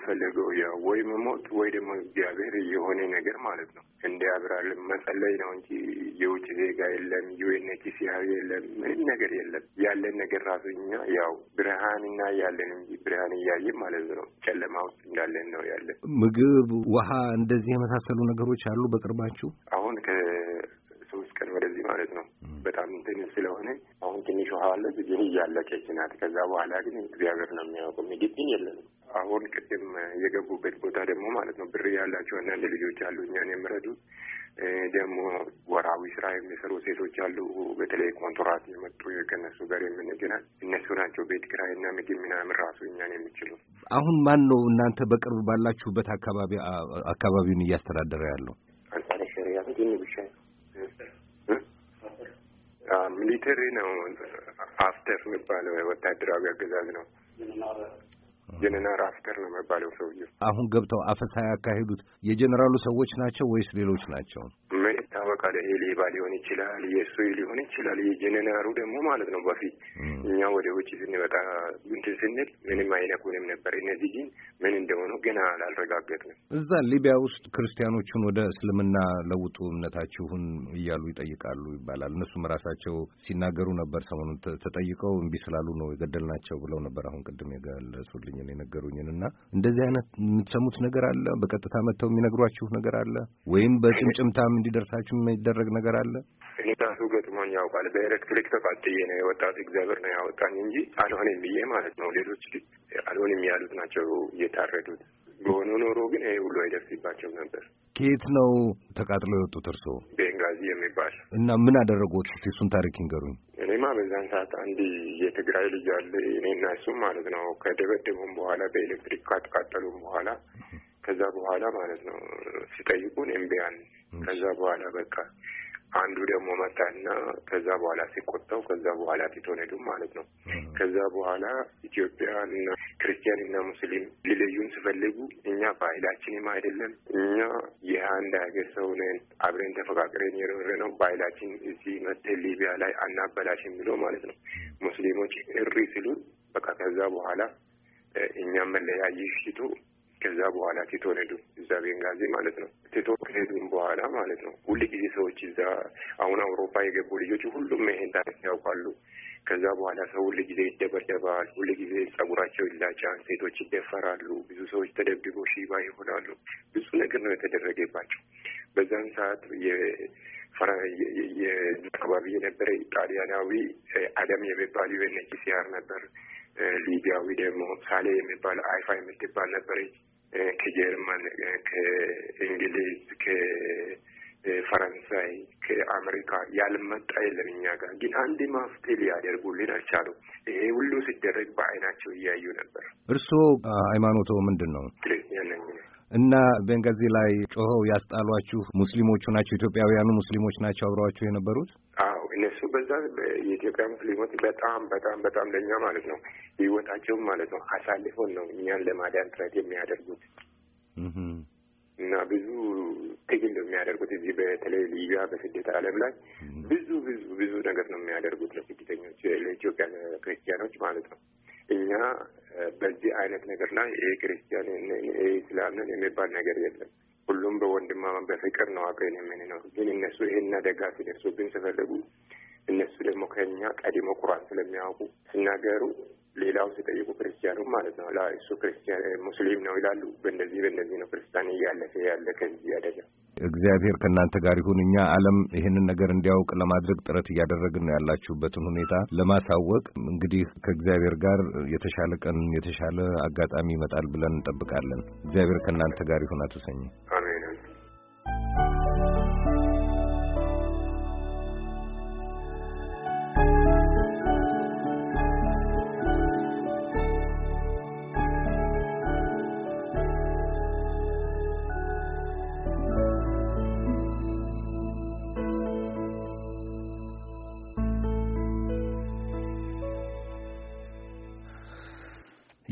የፈለገው ያው ወይ መሞት ወይ ደግሞ እግዚአብሔር የሆነ ነገር ማለት ነው እንዲያብራልን መጸለይ ነው እንጂ የውጭ ዜጋ የለም፣ ዩኤንኤችሲአር የለም፣ ምንም ነገር የለም። ያለን ነገር ራሱ እኛ ያው እና ያለን እንጂ ብርሃን እያየን ማለት ነው ጨለማ ውስጥ እንዳለን ነው ያለን። ምግብ፣ ውሃ፣ እንደዚህ የመሳሰሉ ነገሮች አሉ በቅርባችሁ አሁን ከሶስት ቀን ወደዚህ ማለት ነው በጣም እንትን ስለሆነ አሁን ትንሽ ውሃ አለ፣ ግን እያለቀች ናት። ከዛ በኋላ ግን እግዚአብሔር ነው የሚያውቀው። ምግብ ግን የለንም። አሁን ቅድም የገቡበት ቦታ ደግሞ ማለት ነው ብር ያላቸው አንዳንድ ልጆች አሉ እኛን የምረዱ ደግሞ ወራዊ ስራ የሚሰሩ ሴቶች አሉ። በተለይ ኮንትራት የመጡ ከነሱ ጋር የምንገናኝ እነሱ ናቸው ቤት ኪራይና ምግብ ምናምን ራሱ እኛን የሚችሉ። አሁን ማን ነው እናንተ በቅርብ ባላችሁበት አካባቢ አካባቢውን እያስተዳደረ ያለው? ሚሊተሪ ነው አፍተር የሚባለው ወታደራዊ አገዛዝ ነው። ጀኔራል አፍተር ነው የሚባለው ሰውዬው። አሁን ገብተው አፈሳ ያካሄዱት የጀኔራሉ ሰዎች ናቸው ወይስ ሌሎች ናቸው? በቃል ይሄ ሌባ ሊሆን ይችላል፣ የእሱ ሊሆን ይችላል። የጀነራሉ ደግሞ ማለት ነው። በፊት እኛ ወደ ውጭ ስንበቃ እንትን ስንል ምንም አይነኩንም ነበር። እነዚህ ግን ምን እንደሆኑ ገና አላረጋገጥንም። እዛ ሊቢያ ውስጥ ክርስቲያኖቹን ወደ እስልምና ለውጡ እምነታችሁን እያሉ ይጠይቃሉ ይባላል። እነሱም ራሳቸው ሲናገሩ ነበር። ሰሞኑን ተጠይቀው እምቢ ስላሉ ነው የገደልናቸው ብለው ነበር። አሁን ቅድም የገለጹልኝን የነገሩኝን እና እንደዚህ አይነት የምትሰሙት ነገር አለ። በቀጥታ መጥተው የሚነግሯችሁ ነገር አለ ወይም በጭምጭምታም እንዲደርሳችሁ የሚደረግ ነገር አለ? እኔ ገጥሞኝ ያውቃል። በኤሌክትሪክ ተቃጥዬ ነው የወጣት እግዚአብሔር ነው ያወጣኝ እንጂ አልሆንም ብዬ ማለት ነው። ሌሎች አልሆንም ያሉት ናቸው እየታረዱት። በሆነ ኖሮ ግን ይሄ ሁሉ አይደርስባቸው ነበር። ከየት ነው ተቃጥሎ የወጡት እርስዎ? ቤንጋዚ የሚባል እና ምን አደረጉት? እስኪ እሱን ታሪክ ይንገሩኝ። እኔማ በዛን ሰዓት አንድ የትግራይ ልጅ አለ እኔና እሱም ማለት ነው። ከደበደቡም በኋላ በኤሌክትሪክ ካተቃጠሉም በኋላ ከዛ በኋላ ማለት ነው ሲጠይቁን እምቢያን ከዛ በኋላ በቃ አንዱ ደግሞ መጣና ከዛ በኋላ ሲቆጣው ከዛ በኋላ ትቶን ሄዱ ማለት ነው። ከዛ በኋላ ኢትዮጵያ እና ክርስቲያን እና ሙስሊም ሊለዩን ስፈልጉ እኛ ባህላችንም አይደለም እኛ ይህ አንድ ሀገር ሰው ነን፣ አብረን ተፈቃቅረን የኖረ ነው ባህላችን እዚህ መተ ሊቢያ ላይ አናበላሽም ብሎ ማለት ነው ሙስሊሞች እሪ ሲሉን በቃ ከዛ በኋላ እኛም መለያ ይሽቱ ከዛ በኋላ ቴቶ ሄዱ። እዛ ቤንጋዚ ማለት ነው። ቴቶ ከሄዱም በኋላ ማለት ነው ሁል ጊዜ ሰዎች እዛ አሁን አውሮፓ የገቡ ልጆች ሁሉም ይሄን ታሪክ ያውቃሉ። ከዛ በኋላ ሰው ሁል ጊዜ ይደበደባል። ሁል ጊዜ ጸጉራቸው ይላጫል። ሴቶች ይደፈራሉ። ብዙ ሰዎች ተደብድቦ ሺባ ይሆናሉ። ብዙ ነገር ነው የተደረገባቸው በዛን ሰዓት አካባቢ የነበረ ጣሊያናዊ አለም የሚባል ዩኤንኤችሲአር ነበር። ሊቢያዊ ደግሞ ሳሌ የሚባል አይፋ የምትባል ነበረች። ከጀርመን፣ ከእንግሊዝ፣ ከፈረንሳይ፣ ከአሜሪካ ያልመጣ የለም። እኛ ጋር ግን አንድ መፍትሄ ሊያደርጉልን አልቻሉ። ይሄ ሁሉ ሲደረግ በአይናቸው እያዩ ነበር። እርስዎ ሃይማኖቶ ምንድን ነው? እና ቤንጋዚ ላይ ጮኸው ያስጣሏችሁ ሙስሊሞቹ ናቸው? ኢትዮጵያውያኑ ሙስሊሞች ናቸው አብረዋችሁ የነበሩት? አዎ እነሱ በዛ የኢትዮጵያ ሙስሊሞች በጣም በጣም በጣም ለእኛ ማለት ነው ህይወታቸውን ማለት ነው አሳልፎን ነው እኛን ለማዳን ጥረት የሚያደርጉት እና ብዙ ትግል ነው የሚያደርጉት። እዚህ በተለይ ሊቢያ በስደት ዓለም ላይ ብዙ ብዙ ብዙ ነገር ነው የሚያደርጉት ለስደተኞች ለኢትዮጵያ ክርስቲያኖች ማለት ነው። እኛ በዚህ አይነት ነገር ላይ ይህ ክርስቲያን ይህ እስላምን የሚባል ነገር የለም። ሁሉም በወንድማማ በፍቅር ነው አብረን የምንኖር። ግን እነሱ ይህን አደጋ ሲደርሱብን ስፈልጉ እነሱ ደግሞ ከኛ ቀድሞ ቁርአን ስለሚያውቁ ሲናገሩ ሌላው ሲጠይቁ ክርስቲያኑ ማለት ነው እሱ ክርስቲያን ሙስሊም ነው ይላሉ። በእንደዚህ በእንደዚህ ነው ክርስቲያን እያለፈ ያለ ከዚህ አደጋ። እግዚአብሔር ከእናንተ ጋር ይሁን። እኛ ዓለም ይህንን ነገር እንዲያውቅ ለማድረግ ጥረት እያደረግን ነው። ያላችሁበትን ሁኔታ ለማሳወቅ እንግዲህ ከእግዚአብሔር ጋር የተሻለ ቀን የተሻለ አጋጣሚ ይመጣል ብለን እንጠብቃለን። እግዚአብሔር ከእናንተ ጋር ይሁን። አቶ ሰኝ Thank you.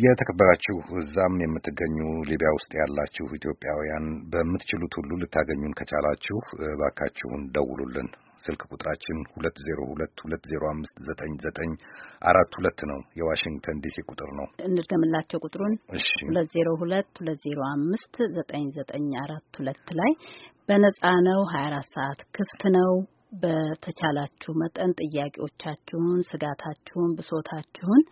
የተከበራችሁ እዛም የምትገኙ ሊቢያ ውስጥ ያላችሁ ኢትዮጵያውያን በምትችሉት ሁሉ ልታገኙን ከቻላችሁ እባካችሁን ደውሉልን። ስልክ ቁጥራችን ሁለት ዜሮ ሁለት ሁለት ዜሮ አምስት ዘጠኝ ዘጠኝ አራት ሁለት ነው። የዋሽንግተን ዲሲ ቁጥር ነው። እንድገምላቸው ቁጥሩን ሁለት ዜሮ ሁለት ሁለት ዜሮ አምስት ዘጠኝ ዘጠኝ አራት ሁለት ላይ በነጻ ነው። ሀያ አራት ሰዓት ክፍት ነው። በተቻላችሁ መጠን ጥያቄዎቻችሁን፣ ስጋታችሁን፣ ብሶታችሁን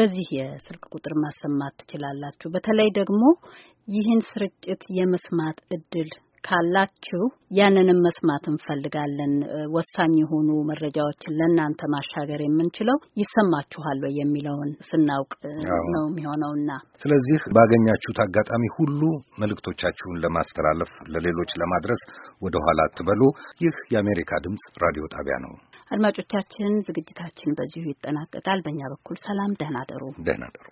በዚህ የስልክ ቁጥር ማሰማት ትችላላችሁ። በተለይ ደግሞ ይህን ስርጭት የመስማት እድል ካላችሁ ያንንም መስማት እንፈልጋለን። ወሳኝ የሆኑ መረጃዎችን ለእናንተ ማሻገር የምንችለው ይሰማችኋል ወይ የሚለውን ስናውቅ ነው የሚሆነውና ስለዚህ ባገኛችሁት አጋጣሚ ሁሉ መልእክቶቻችሁን ለማስተላለፍ ለሌሎች ለማድረስ ወደኋላ አትበሉ። ይህ የአሜሪካ ድምፅ ራዲዮ ጣቢያ ነው። አድማጮቻችን፣ ዝግጅታችን በዚሁ ይጠናቀቃል። በእኛ በኩል ሰላም፣ ደህና ደሩ፣ ደህና ደሩ።